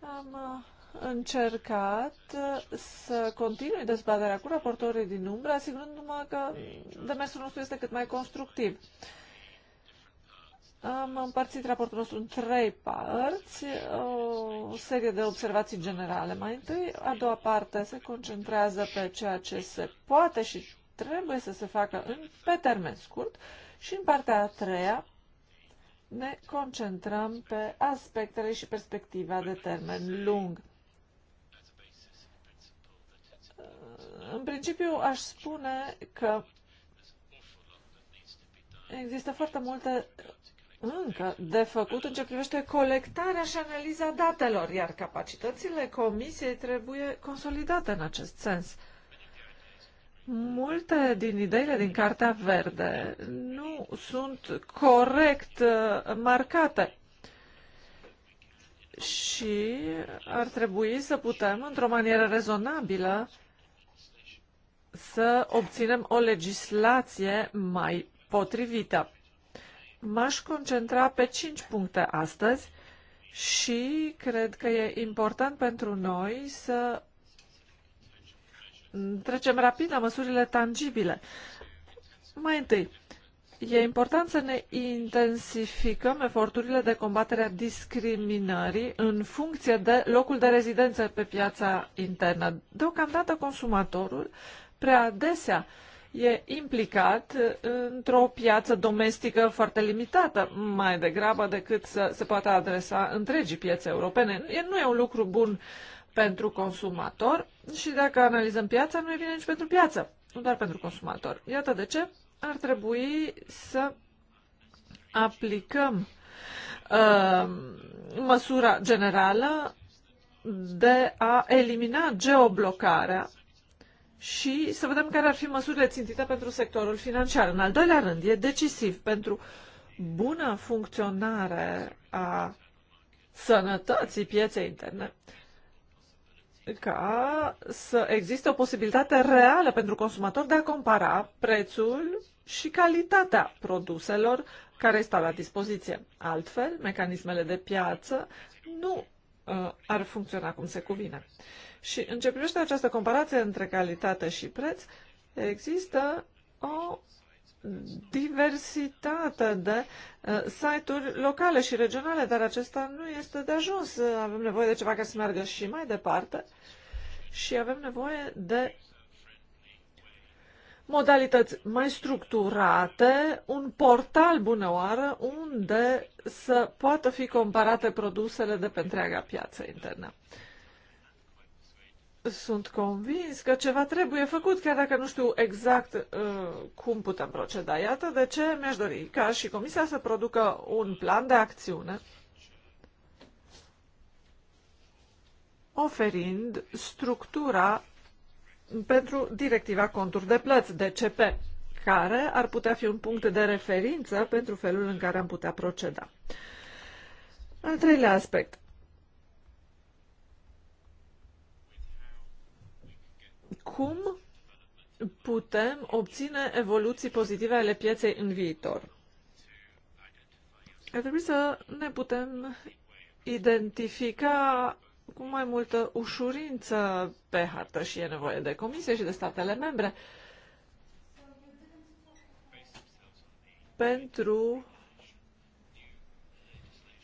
Am uh, încercat să continui dezbaterea cu raportorii din umbră, asigurându-mă că demersul nostru este cât mai constructiv. Am împărțit raportul nostru în trei părți, o serie de observații generale mai întâi. A doua parte se concentrează pe ceea ce se poate și trebuie să se facă în, pe termen scurt și în partea a treia ne concentrăm pe aspectele și perspectiva de termen lung. În principiu, aș spune că există foarte multe încă de făcut în ce privește colectarea și analiza datelor, iar capacitățile comisiei trebuie consolidate în acest sens. Multe din ideile din Cartea Verde nu sunt corect uh, marcate și ar trebui să putem, într-o manieră rezonabilă, să obținem o legislație mai potrivită. M-aș concentra pe cinci puncte astăzi și cred că e important pentru noi să trecem rapid la măsurile tangibile. Mai întâi, e important să ne intensificăm eforturile de combatere a discriminării în funcție de locul de rezidență pe piața internă. Deocamdată consumatorul prea adesea e implicat într-o piață domestică foarte limitată, mai degrabă decât să se poată adresa întregii piețe europene. E, nu e un lucru bun pentru consumator și dacă analizăm piața, nu e bine nici pentru piață, nu doar pentru consumator. Iată de ce ar trebui să aplicăm uh, măsura generală de a elimina geoblocarea și să vedem care ar fi măsurile țintite pentru sectorul financiar. În al doilea rând, e decisiv pentru bună funcționare a sănătății pieței interne ca să existe o posibilitate reală pentru consumator de a compara prețul și calitatea produselor care stau la dispoziție. Altfel, mecanismele de piață nu uh, ar funcționa cum se cuvine. Uh, și în ce privește această comparație între calitate și preț, există o diversitate de uh, site-uri locale și regionale, dar acesta nu este de ajuns. Avem nevoie de ceva care să meargă și mai departe și avem nevoie de modalități mai structurate, un portal bunăoară unde să poată fi comparate produsele de pe întreaga piață internă sunt convins că ceva trebuie făcut, chiar dacă nu știu exact uh, cum putem proceda. Iată de ce mi-aș dori ca și Comisia să producă un plan de acțiune oferind structura pentru directiva conturi de plăți, DCP, care ar putea fi un punct de referință pentru felul în care am putea proceda. Al treilea aspect. cum putem obține evoluții pozitive ale pieței în viitor. Ar trebui să ne putem identifica cu mai multă ușurință pe hartă și e nevoie de comisie și de statele membre pentru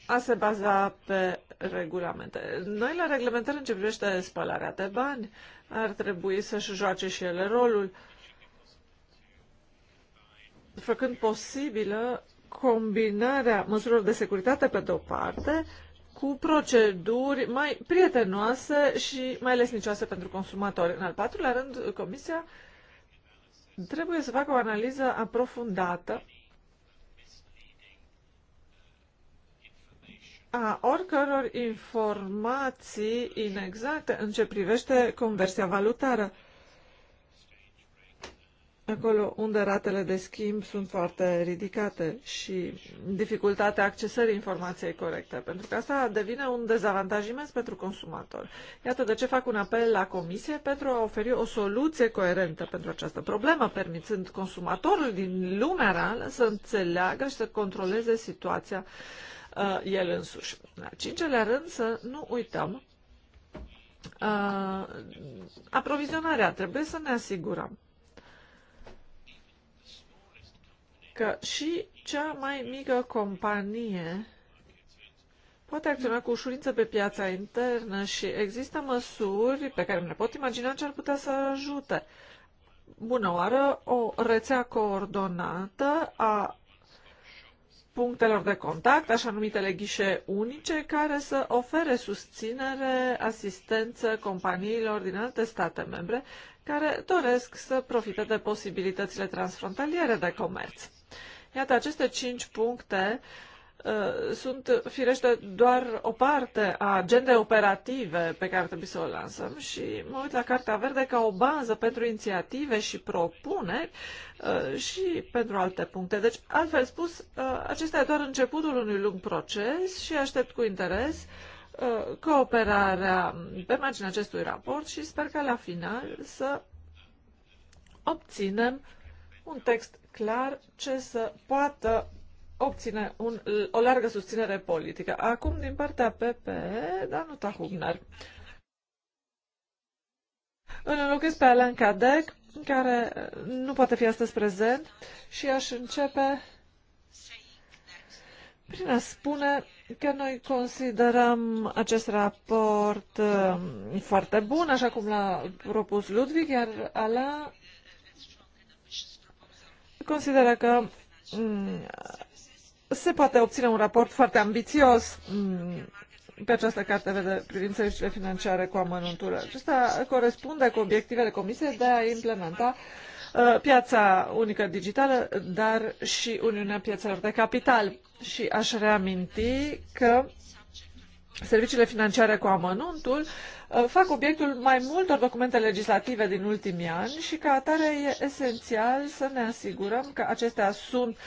a se baza pe regulamente. Noile reglementări în ce privește spălarea de bani ar trebui să-și joace și ele rolul, făcând posibilă combinarea măsurilor de securitate pe de-o parte cu proceduri mai prietenoase și mai lesnicioase pentru consumatori. În al patrulea rând, Comisia trebuie să facă o analiză aprofundată a oricăror informații inexacte în ce privește conversia valutară. Acolo unde ratele de schimb sunt foarte ridicate și dificultatea accesării informației corecte, pentru că asta devine un dezavantaj imens pentru consumator. Iată de ce fac un apel la Comisie pentru a oferi o soluție coerentă pentru această problemă, permițând consumatorul din lumea reală să înțeleagă și să controleze situația uh, uh, el însuși. În al cincelea rând, să nu uităm uh, aprovizionarea. Trebuie să ne asigurăm că și cea mai mică companie poate acționa cu ușurință pe piața internă și există măsuri pe care ne pot imagina ce ar putea să ajute. Bună oară, o rețea coordonată a punctelor de contact, așa numitele ghișe unice, care să ofere susținere, asistență companiilor din alte state membre care doresc să profite de posibilitățile transfrontaliere de comerț. Iată, aceste cinci puncte uh, Uh, sunt firește doar o parte a agendei operative pe care trebuie să o lansăm și mă uit la Cartea Verde ca o bază pentru inițiative și propuneri uh, și pentru alte puncte. Deci, altfel spus, uh, acesta e doar începutul unui lung proces și aștept cu interes cooperarea pe marginea acestui raport și sper ca la final să obținem un text clar ce să poată obține un, o largă susținere politică. Acum, din partea PP, dar nu Tahubner. Îl înlocuiesc pe Alan Cadec, care nu poate fi astăzi prezent, și aș începe prin a spune că noi considerăm acest raport um, foarte bun, așa cum l-a propus Ludwig, iar Alain consideră că um, se poate obține un raport foarte ambițios mm, pe această carte vede privind serviciile financiare cu amănuntură. Acesta corespunde cu obiectivele Comisiei de a implementa uh, piața unică digitală, dar și Uniunea Piețelor de Capital. Și aș reaminti că serviciile financiare cu amănuntul uh, fac obiectul mai multor documente legislative din ultimii ani și ca atare e esențial să ne asigurăm că acestea sunt uh,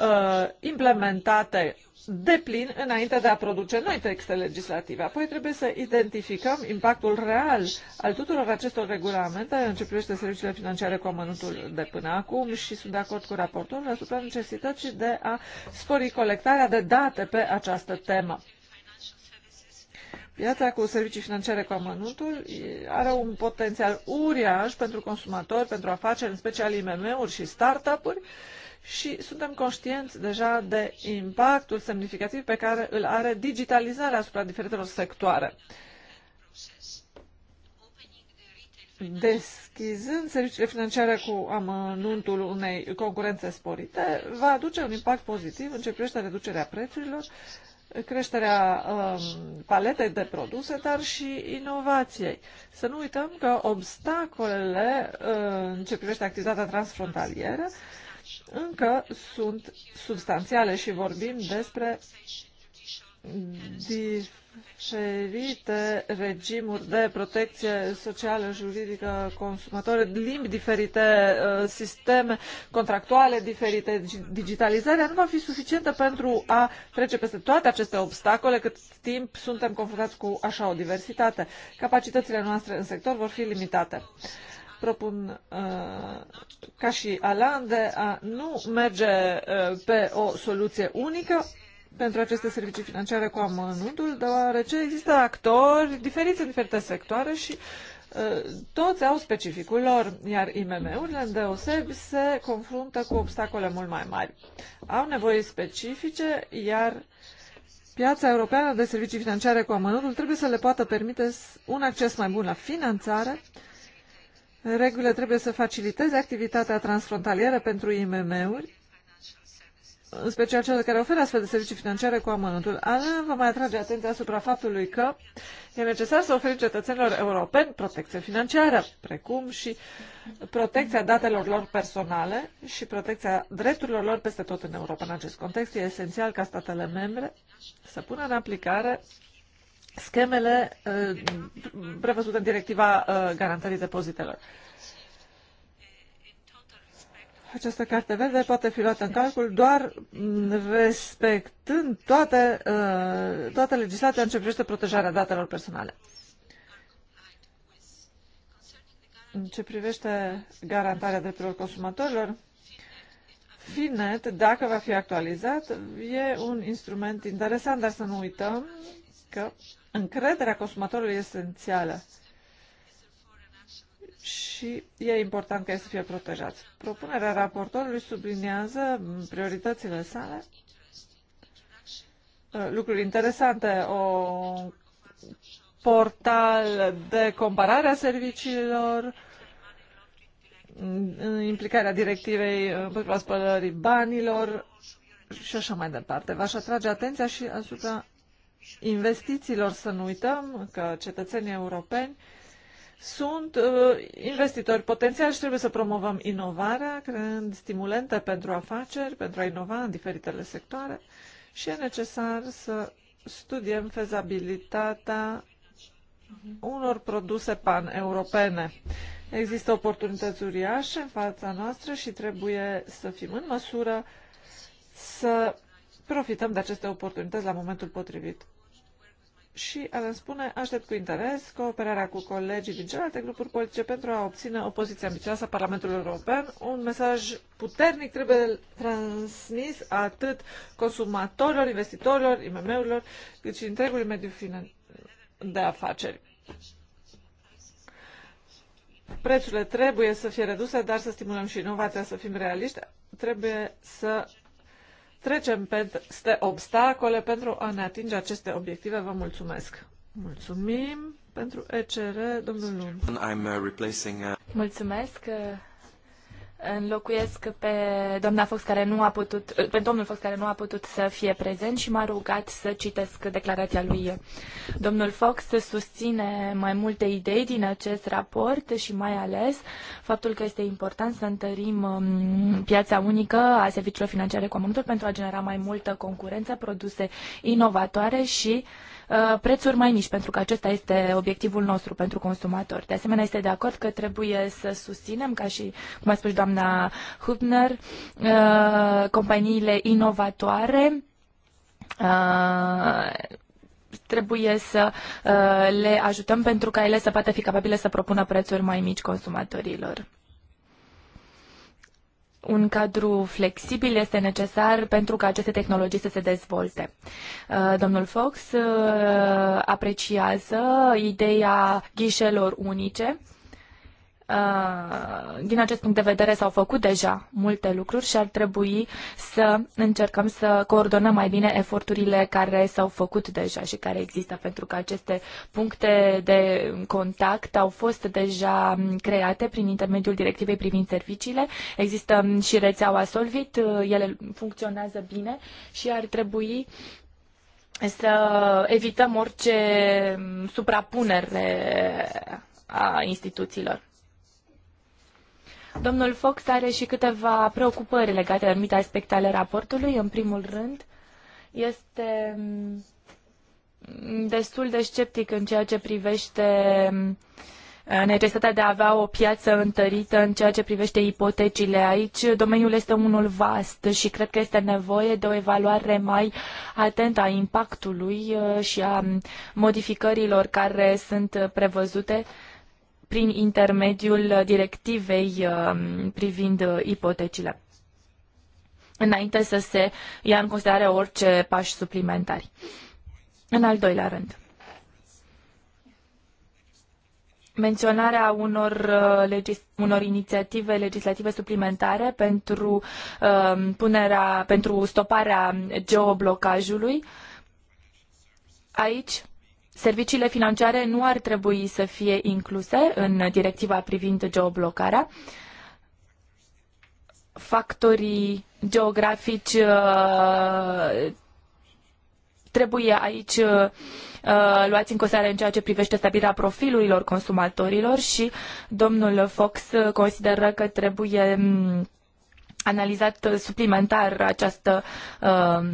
Uh, implementate de plin înainte de a produce noi texte legislative. Apoi trebuie să identificăm impactul real al tuturor acestor regulamente în ce privește serviciile financiare cu amănuntul de până acum și sunt de acord cu raportul asupra necesității de a spori colectarea de date pe această temă. Piața cu servicii financiare cu amănuntul are un potențial uriaș pentru consumatori, pentru afaceri, în special IMM-uri și startup-uri, uh, și suntem conștienți deja de impactul semnificativ pe care îl are digitalizarea asupra diferitelor sectoare. Deschizând serviciile financiare cu amănuntul unei concurențe sporite, va aduce un impact pozitiv în ce privește reducerea prețurilor, creșterea um, paletei de produse, dar și inovației. Să nu uităm că obstacolele uh, în ce privește activitatea transfrontalieră uh, încă sunt substanțiale și vorbim despre diferite regimuri de protecție socială, juridică, consumatoare, limbi diferite, uh, sisteme contractuale diferite, digitalizarea nu va fi suficientă pentru a trece peste toate aceste obstacole cât timp suntem confruntați cu așa o diversitate. Capacitățile noastre în sector vor fi limitate propun uh, ca și Alan de a nu merge uh, pe o soluție unică pentru aceste servicii financiare cu amănuntul, deoarece există actori diferiți în diferite sectoare și uh, toți au specificul lor, iar IMM-urile îndeosebi se confruntă cu obstacole mult mai mari. Au nevoi specifice, iar Piața europeană de servicii financiare cu amănuntul trebuie să le poată permite un acces mai bun la finanțare Regulile trebuie să faciliteze activitatea transfrontalieră pentru IMM-uri, în special cele care oferă astfel de servicii financiare cu amănuntul. Ana vă mai atrage atenția asupra faptului că e necesar să oferi cetățenilor europeni protecție financiară, precum și protecția datelor lor personale și protecția drepturilor lor peste tot în Europa. În acest context e esențial ca statele membre să pună în aplicare schemele uh, prevăzute în directiva uh, garantării depozitelor. Această carte verde poate fi luată în calcul doar respectând toate, uh, toată legislația în ce privește protejarea datelor personale. În ce privește garantarea drepturilor consumatorilor, FINET, dacă va fi actualizat, e un instrument interesant, dar să nu uităm că Încrederea consumatorului este esențială și e important ca ei să fie protejați. Propunerea raportorului subliniază prioritățile sale, uh, lucruri interesante, o portal de comparare a serviciilor, mm, implicarea directivei împotriva spălării banilor și așa mai departe. V-aș atrage atenția și asupra investițiilor, să nu uităm că cetățenii europeni sunt uh, investitori potențiali și trebuie să promovăm inovarea, creând stimulente pentru afaceri, pentru a inova în diferitele sectoare și e necesar să studiem fezabilitatea unor produse pan-europene. Există oportunități uriașe în fața noastră și trebuie să fim în măsură să profităm de aceste oportunități la momentul potrivit și a îmi spune aștept cu interes cooperarea cu colegii din celelalte grupuri politice pentru a obține o poziție ambițioasă a Parlamentului European. Un mesaj puternic trebuie transmis atât consumatorilor, investitorilor, IMM-urilor, cât și întregului mediu de afaceri. Prețurile trebuie să fie reduse, dar să stimulăm și inovația, să fim realiști. Trebuie să trecem peste obstacole pentru a ne atinge aceste obiective. Vă mulțumesc! Mulțumim pentru ECR, domnul Lund. Uh, uh, mulțumesc! Uh, înlocuiesc pe doamna Fox care nu a putut, pe domnul Fox care nu a putut să fie prezent și m-a rugat să citesc declarația lui. Domnul Fox susține mai multe idei din acest raport și mai ales faptul că este important să întărim um, piața unică a serviciilor financiare cu pentru a genera mai multă concurență, produse inovatoare și Uh, prețuri mai mici, pentru că acesta este obiectivul nostru pentru consumatori. De asemenea, este de acord că trebuie să susținem, ca și cum a spus doamna Hübner, uh, companiile inovatoare uh, trebuie să le ajutăm pentru ca ele să poată fi capabile să propună prețuri mai mici consumatorilor un cadru flexibil este necesar pentru ca aceste tehnologii să se dezvolte. Uh, domnul Fox uh, apreciază ideea ghișelor unice Uh, din acest punct de vedere s-au făcut deja multe lucruri și ar trebui să încercăm să coordonăm mai bine eforturile care s-au făcut deja și care există, pentru că aceste puncte de contact au fost deja um, create prin intermediul directivei privind serviciile. Există um, și rețeaua Solvit, uh, ele funcționează bine și ar trebui să evităm orice um, suprapunere a instituțiilor. Domnul Fox are și câteva preocupări legate de anumite aspecte ale raportului. În primul rând, este mm, destul de sceptic în ceea ce privește mm, necesitatea de a avea o piață întărită în ceea ce privește ipotecile. Aici domeniul este unul vast și cred că este nevoie de o evaluare mai atentă a impactului uh, și a mm, modificărilor care sunt prevăzute prin intermediul directivei um, privind uh, ipotecile, înainte să se ia în considerare orice pași suplimentari. În al doilea rând, menționarea unor, uh, legis- unor inițiative legislative suplimentare pentru, uh, punerea, pentru stoparea geoblocajului. Aici serviciile financiare nu ar trebui să fie incluse în directiva privind geoblocarea. Factorii geografici uh, trebuie aici uh, luați în considerare în ceea ce privește stabilirea profilurilor consumatorilor și domnul Fox consideră că trebuie mm, analizat uh, suplimentar această uh,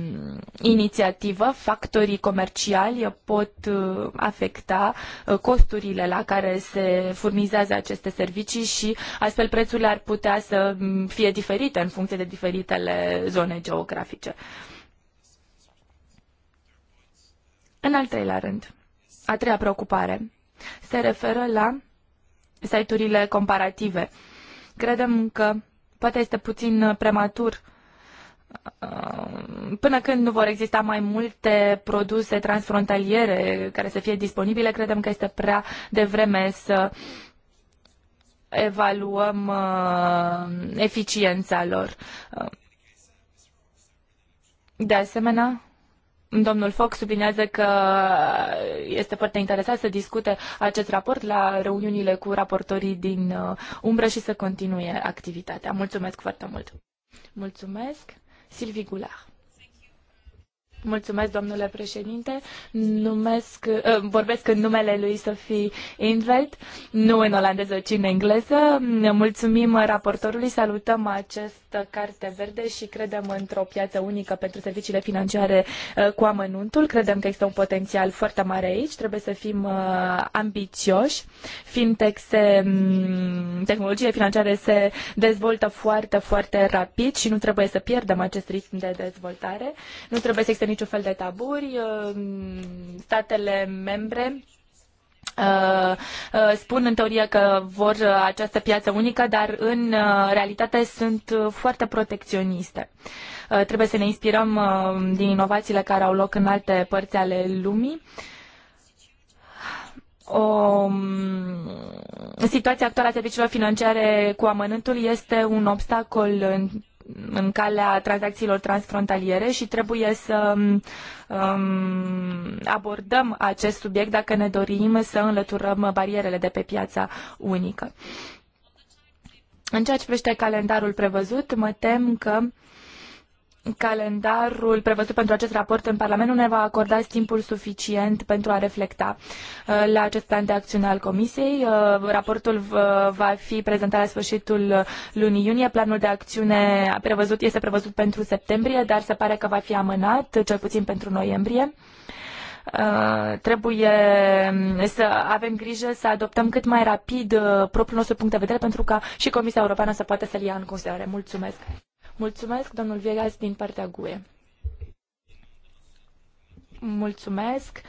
inițiativă. Factorii comerciali pot uh, afecta uh, costurile la care se furnizează aceste servicii și astfel prețurile ar putea să mm, fie diferite în funcție de diferitele zone geografice. În al treilea rând, a treia preocupare se referă la site-urile comparative. Credem că Poate este puțin uh, prematur uh, până când nu vor exista mai multe produse transfrontaliere care să fie disponibile, credem că este prea devreme să evaluăm uh, eficiența lor. De asemenea, Domnul Fox sublinează că este foarte interesat să discute acest raport la reuniunile cu raportorii din uh, umbră și să continue activitatea. Mulțumesc foarte mult! Mulțumesc! Silvi Gular. Mulțumesc, domnule președinte. Numesc, uh, vorbesc în numele lui Sophie Invelt, nu în olandeză, ci în engleză. Ne mulțumim raportorului, salutăm acest această carte verde și credem într-o piață unică pentru serviciile financiare uh, cu amănuntul. Credem că există un potențial foarte mare aici. Trebuie să fim uh, ambițioși. Fintech se, mm, tehnologie financiare se dezvoltă foarte, foarte rapid și nu trebuie să pierdem acest ritm de dezvoltare. Nu trebuie să existe niciun fel de taburi. Uh, mm, statele membre Uh, uh, spun în teorie că vor uh, această piață unică, dar în realitate sunt foarte protecționiste. Trebuie să ne inspirăm din inovațiile care au loc în alte părți ale lumii. O um, situația actuală a serviciilor financiare cu amănântul este un obstacol în calea tranzacțiilor transfrontaliere și trebuie să um, abordăm acest subiect dacă ne dorim să înlăturăm barierele de pe piața unică. În ceea ce privește calendarul prevăzut, mă tem că calendarul prevăzut pentru acest raport în Parlament nu ne va acorda timpul suficient pentru a reflecta uh, la acest plan de acțiune al Comisiei. Uh, raportul uh, va fi prezentat la sfârșitul lunii iunie. Planul de acțiune prevăzut, este prevăzut pentru septembrie, dar se pare că va fi amânat, cel puțin pentru noiembrie. Uh, trebuie um, să avem grijă să adoptăm cât mai rapid uh, propriul nostru punct de vedere pentru ca și Comisia Europeană să poată să-l ia în considerare. Mulțumesc! Mulțumesc, domnul Viegas, din partea GUE. Mulțumesc.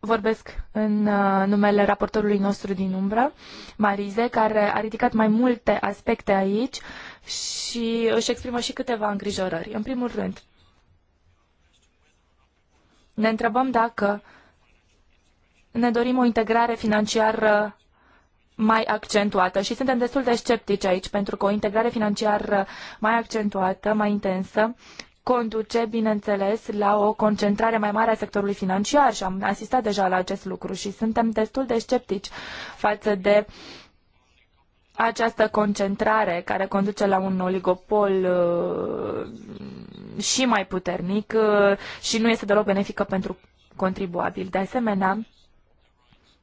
Vorbesc în uh, numele raportorului nostru din umbră, Marize, care a ridicat mai multe aspecte aici și își exprimă și câteva îngrijorări. În primul rând, ne întrebăm dacă ne dorim o integrare financiară mai accentuată și suntem destul de sceptici aici, pentru că o integrare financiară mai accentuată, mai intensă, conduce, bineînțeles, la o concentrare mai mare a sectorului financiar și am asistat deja la acest lucru și suntem destul de sceptici față de această concentrare care conduce la un oligopol uh, și mai puternic uh, și nu este deloc benefică pentru contribuabil. De asemenea,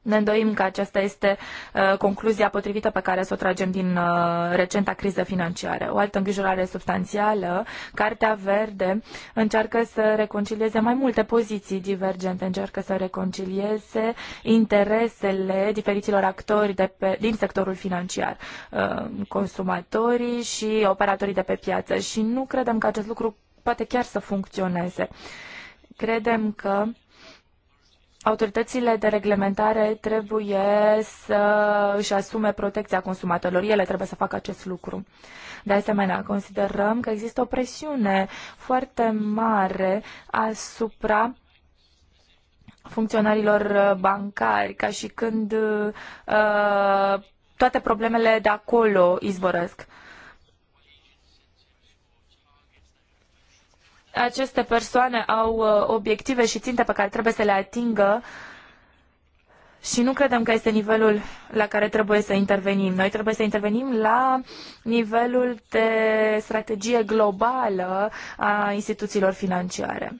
ne îndoim că aceasta este uh, concluzia potrivită pe care să o tragem din uh, recenta criză financiară. O altă îngrijorare substanțială, Cartea Verde încearcă să reconcilieze mai multe poziții divergente, încearcă să reconcilieze interesele diferiților actori de pe, din sectorul financiar, uh, consumatorii și operatorii de pe piață. Și nu credem că acest lucru poate chiar să funcționeze. Credem că autoritățile de reglementare trebuie să își asume protecția consumatorilor. Ele trebuie să facă acest lucru. De asemenea, considerăm că există o presiune foarte mare asupra funcționarilor bancari, ca și când uh, toate problemele de acolo izvorăsc. Uh, aceste persoane au uh, obiective și ținte pe care trebuie să le atingă și nu credem că este nivelul la care trebuie să intervenim. Noi trebuie să intervenim la nivelul de strategie globală a instituțiilor financiare.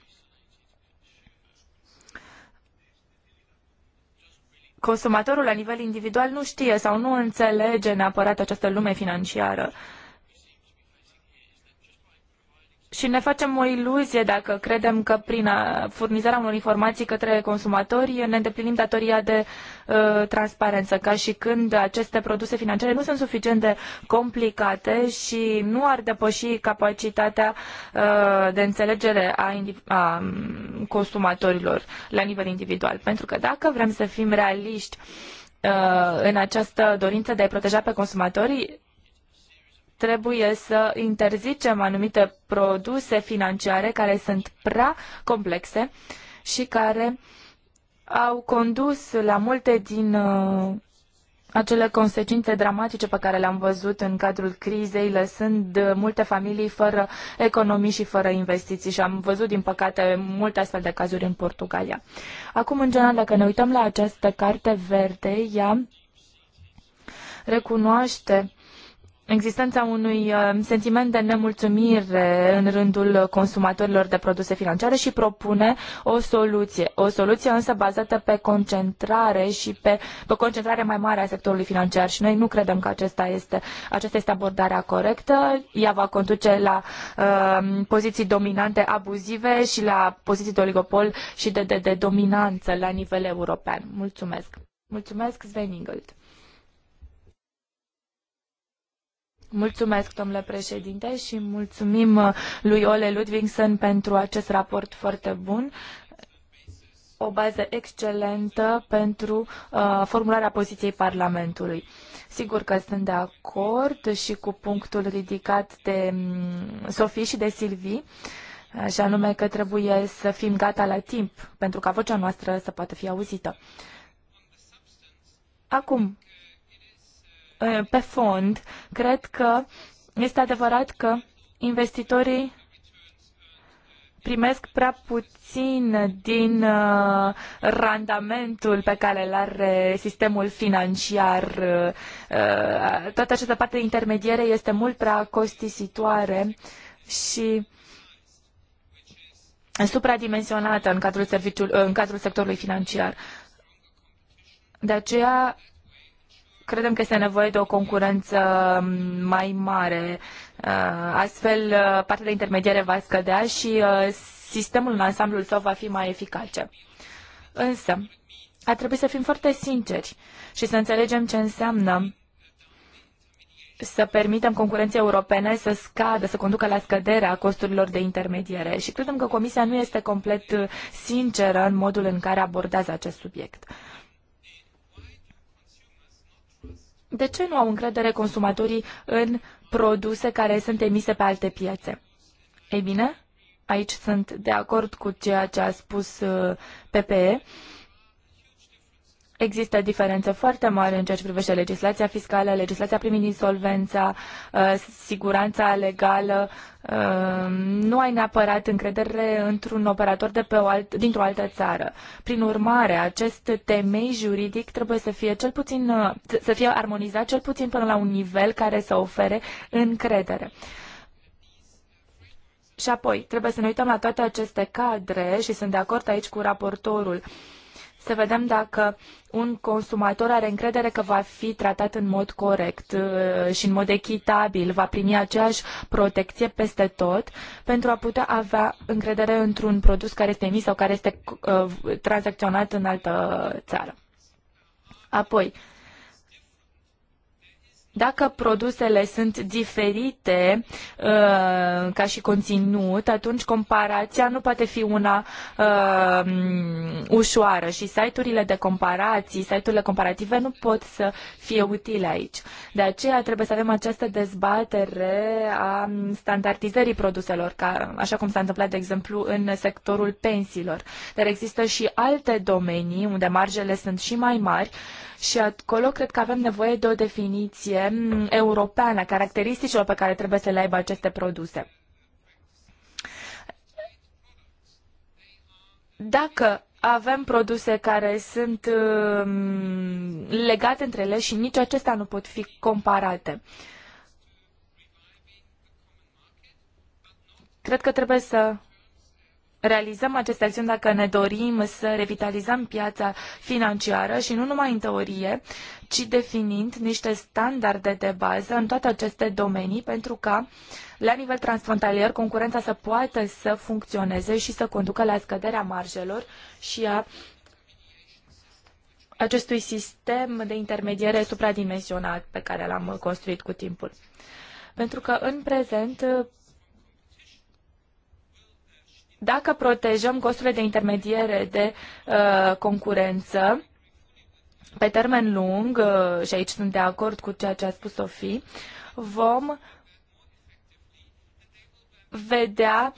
Consumatorul la nivel individual nu știe sau nu înțelege neapărat această lume financiară. Uh, și ne facem o iluzie dacă credem că prin furnizarea unor informații către consumatori ne îndeplinim datoria de uh, transparență, ca și când aceste produse financiare nu sunt suficient de complicate și nu ar depăși capacitatea uh, de înțelegere a, a mm, consumatorilor la nivel individual. Pentru că dacă vrem să fim realiști, uh, în această dorință de a-i proteja pe consumatorii, trebuie să interzicem anumite produse financiare care sunt prea complexe și care au condus la multe din uh, acele consecințe dramatice pe care le-am văzut în cadrul crizei, lăsând multe familii fără economii și fără investiții și am văzut, din păcate, multe astfel de cazuri în Portugalia. Acum, în general, dacă ne uităm la această carte verde, ea recunoaște existența unui uh, sentiment de nemulțumire în rândul consumatorilor de produse financiare și propune o soluție. O soluție însă bazată pe concentrare și pe, pe concentrare mai mare a sectorului financiar și noi nu credem că acesta este, aceasta este abordarea corectă. Ea va conduce la uh, poziții dominante abuzive și la poziții de oligopol și de, de, de dominanță la nivel european. Mulțumesc! Mulțumesc, Sven Ingold! Mulțumesc, domnule președinte, și mulțumim uh, lui Ole Ludvigsen pentru acest raport foarte bun o bază excelentă pentru uh, formularea poziției Parlamentului. Sigur că sunt de acord și cu punctul ridicat de mm, Sofie și de Silvi, și anume că trebuie să fim gata la timp pentru ca vocea noastră să poată fi auzită. Acum, Ă, pe fond, cred că este adevărat că investitorii primesc prea puțin din uh, randamentul pe care îl are sistemul financiar. Uh, toată această parte intermediere este mult prea costisitoare și supradimensionată în cadrul, în cadrul sectorului financiar. De aceea credem că este nevoie de o concurență um, mai mare. Uh, astfel, uh, partea de intermediere va scădea și uh, sistemul în ansamblul său va fi mai eficace. Însă, ar trebui să fim foarte sinceri și să înțelegem ce înseamnă să permitem concurenței europene să scadă, să conducă la scăderea costurilor de intermediere. Și credem că Comisia nu este complet sinceră în modul în care abordează acest subiect de ce nu au încredere consumatorii în produse care sunt emise pe alte piețe? Ei bine, aici sunt de acord cu ceea ce a spus uh, PPE. Există diferențe foarte mari în ceea ce privește legislația fiscală, legislația privind insolvența, uh, siguranța legală. Uh, nu ai neapărat încredere într-un operator de pe o alt, dintr-o altă țară. Prin urmare, acest temei juridic trebuie să fie cel puțin, uh, să fie armonizat cel puțin până la un nivel care să ofere încredere. Și apoi, trebuie să ne uităm la toate aceste cadre și sunt de acord aici cu raportorul. Uh, să vedem dacă un consumator are încredere că va fi tratat în mod corect uh, și în mod echitabil, va primi aceeași protecție peste tot pentru a putea avea încredere într-un produs care este emis sau care este uh, tranzacționat în altă țară. Apoi, dacă produsele sunt diferite uh, ca și conținut, atunci comparația nu poate fi una uh, ușoară și site-urile de comparații, site-urile comparative nu pot să fie utile aici. De aceea trebuie să avem această dezbatere a standardizării produselor, ca, așa cum s-a întâmplat, de exemplu, în sectorul pensiilor. Dar există și alte domenii unde marjele sunt și mai mari, uh, și acolo cred că avem nevoie de o definiție mm, europeană a caracteristicilor pe care trebuie să le aibă aceste produse. Dacă avem produse care sunt mm, legate între ele și nici acestea nu pot fi comparate. Cred că trebuie să realizăm aceste acțiuni dacă ne dorim să revitalizăm piața financiară și nu numai în teorie, ci definind niște standarde de bază în toate aceste domenii pentru ca la nivel transfrontalier concurența să poată să funcționeze și să conducă la scăderea marjelor și a acestui sistem de intermediere supradimensionat pe care l-am construit cu timpul. Pentru că în prezent dacă protejăm costurile de intermediere de uh, concurență, pe termen lung, uh, și aici sunt de acord cu ceea ce a spus Sofie, vom vedea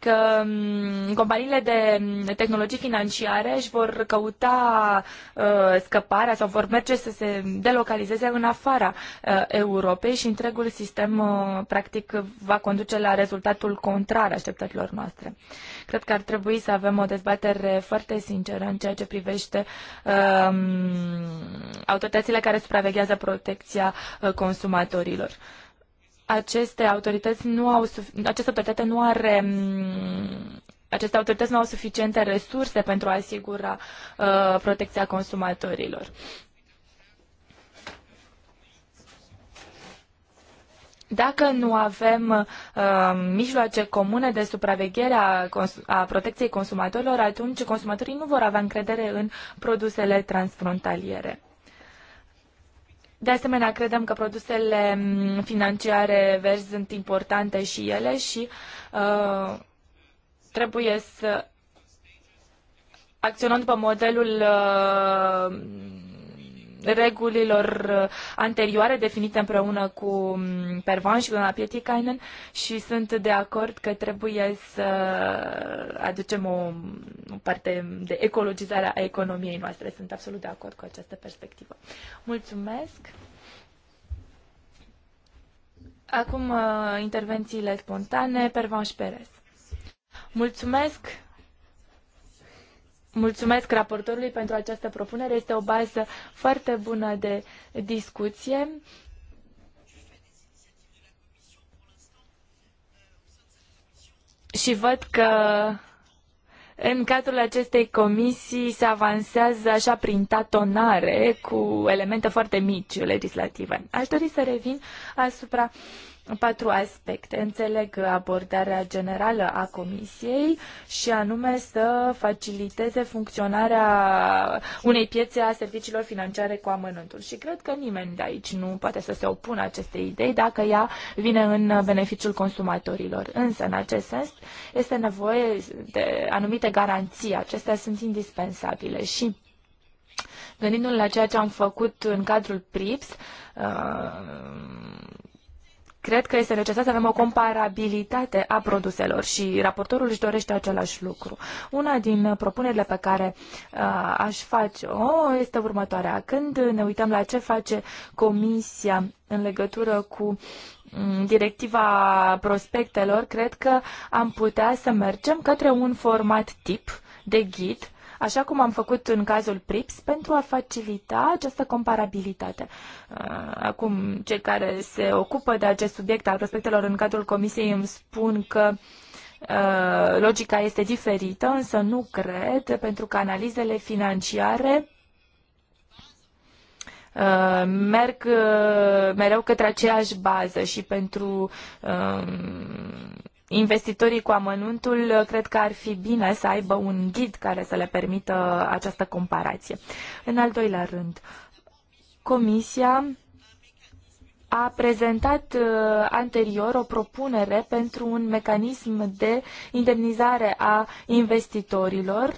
că mm, companiile de mm, tehnologii financiare își vor căuta uh, scăparea sau vor merge să se delocalizeze în afara uh, Europei și întregul sistem uh, practic va conduce la rezultatul contrar așteptărilor noastre. Cred că ar trebui să avem o dezbatere foarte sinceră în ceea ce privește mm, autoritățile care supraveghează protecția consumatorilor aceste autorități nu au, aceste autoritate nu are mm, aceste autorități nu au suficiente resurse pentru a asigura uh, protecția consumatorilor. Dacă nu avem uh, mijloace comune de supraveghere a, a protecției consumatorilor, atunci consumatorii nu vor avea încredere în produsele transfrontaliere. De asemenea, credem că produsele mm, financiare verzi sunt importante și ele și uh, trebuie să acționăm după modelul uh, regulilor uh, anterioare definite împreună cu mm, Pervan și Luna Pietikainen și sunt de acord că trebuie să aducem o, parte de ecologizare a economiei noastre. Sunt absolut de acord cu această perspectivă. Mulțumesc! Acum uh, intervențiile spontane, Pervan și Perez. Mulțumesc! Mulțumesc raportorului pentru această propunere. Este o bază foarte bună de discuție. Și văd că în cadrul acestei comisii se avansează așa prin tatonare cu elemente foarte mici legislative. Aș dori să revin asupra uh, patru aspecte. Înțeleg abordarea generală a Comisiei și anume să faciliteze funcționarea unei piețe a serviciilor financiare cu amănuntul. Și cred că nimeni de aici nu poate să se opună acestei idei dacă ea vine în beneficiul consumatorilor. Însă, în acest sens, este nevoie de anumite garanții. Acestea sunt indispensabile și gândindu-ne la ceea ce am făcut în cadrul PRIPS, uh, Cred că este necesar să avem o comparabilitate a produselor și raportorul își dorește același lucru. Una din propunerile pe care uh, aș face-o este următoarea. Când ne uităm la ce face Comisia în legătură cu mm, directiva prospectelor, cred că am putea să mergem către un format tip de ghid așa cum am făcut în cazul PRIPS, pentru a facilita această comparabilitate. Uh, acum, cei care se ocupă de acest subiect al prospectelor în cadrul Comisiei îmi spun că uh, logica este diferită, însă nu cred, pentru că analizele financiare uh, merg mereu către aceeași bază și pentru investitorii cu amănuntul, cred că ar fi bine să aibă un ghid care să le permită această comparație. În al doilea rând, Comisia a prezentat uh, anterior o propunere pentru un mecanism de indemnizare a investitorilor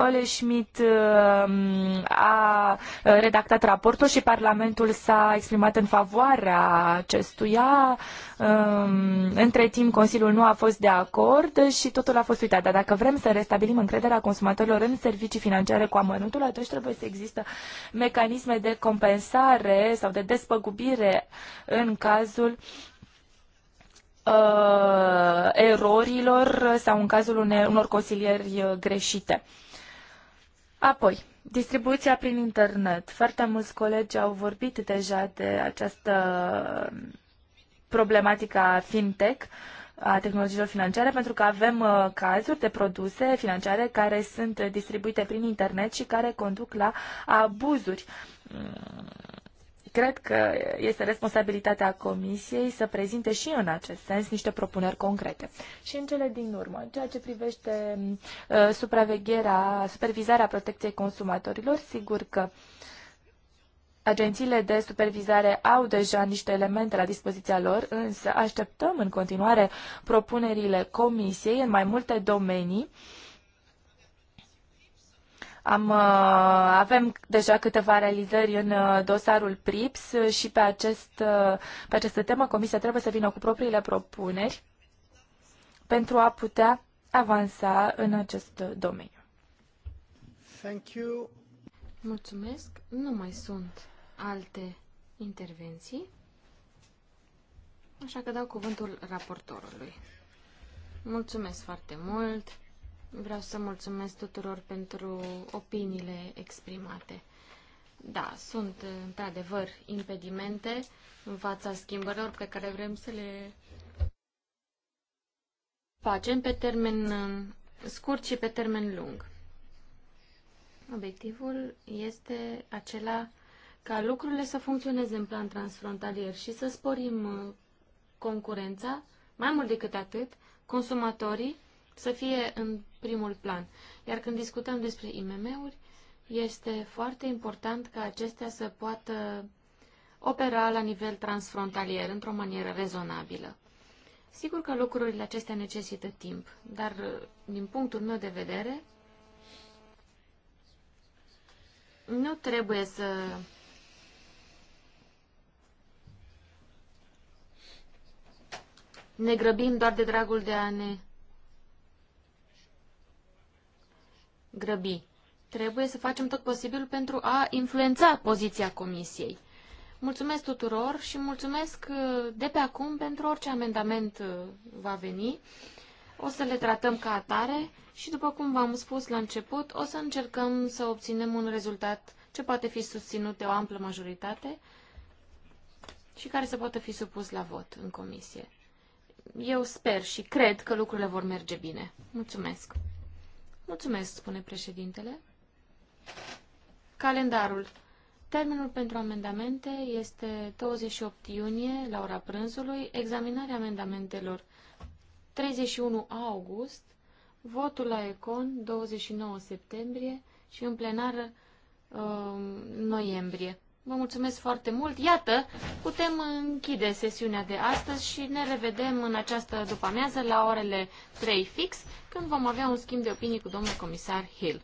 Ole Schmidt um, a uh, redactat raportul și Parlamentul s-a exprimat în favoarea acestuia. Um, între timp, Consiliul nu a fost de acord și totul a fost uitat. Dar dacă vrem să restabilim încrederea consumatorilor în servicii financiare cu amănuntul, atunci trebuie să există mecanisme de compensare sau de despăgubire în cazul uh, erorilor sau în cazul unor consilieri greșite. Apoi, distribuția prin internet. Foarte mulți colegi au vorbit deja de această problematică a fintech, a tehnologiilor financiare, pentru că avem uh, cazuri de produse financiare care sunt distribuite prin internet și care conduc la abuzuri mm, cred că este responsabilitatea Comisiei să prezinte și în acest sens niște propuneri concrete. Și în cele din urmă, ceea ce privește uh, supravegherea, supervizarea protecției consumatorilor, sigur că Agențiile de supervizare au deja niște elemente la dispoziția lor, însă așteptăm în continuare propunerile Comisiei în mai multe domenii uh, am, uh, avem deja câteva realizări în uh, dosarul PRIPS și pe, acest, uh, pe această temă Comisia trebuie să vină cu propriile propuneri pentru a putea avansa în acest domeniu. Thank you. Mulțumesc. Nu mai sunt alte intervenții, așa că dau cuvântul raportorului. Mulțumesc foarte mult. Vreau să mulțumesc tuturor pentru opiniile exprimate. Da, sunt într-adevăr impedimente în fața schimbărilor pe care vrem să le facem pe termen um, scurt și pe termen lung. Obiectivul este acela ca lucrurile să funcționeze în plan transfrontalier și să sporim uh, concurența. Mai mult decât atât, consumatorii să fie în primul plan. Iar când discutăm despre IMM-uri, este foarte important ca acestea să poată opera la nivel transfrontalier, într-o manieră rezonabilă. Sigur că lucrurile acestea necesită timp, dar din punctul meu de vedere, nu trebuie să ne grăbim doar de dragul de a ne grăbi. Trebuie să facem tot posibilul pentru a influența poziția Comisiei. Mulțumesc tuturor și mulțumesc uh, de pe acum pentru orice amendament uh, va veni. O să le tratăm ca atare și, după cum v-am spus la început, o să încercăm să obținem un rezultat ce poate fi susținut de o amplă majoritate și care să poată fi supus la vot în comisie. Eu sper și cred că lucrurile vor merge bine. Mulțumesc! Mulțumesc, spune președintele. Calendarul. Termenul pentru amendamente este 28 iunie, la ora prânzului, examinarea amendamentelor 31 august, votul la ECON 29 septembrie și în plenară um, noiembrie. Vă mulțumesc foarte mult. Iată, putem închide sesiunea de astăzi și ne revedem în această după-amiază la orele 3 fix, când vom avea un schimb de opinii cu domnul comisar Hill.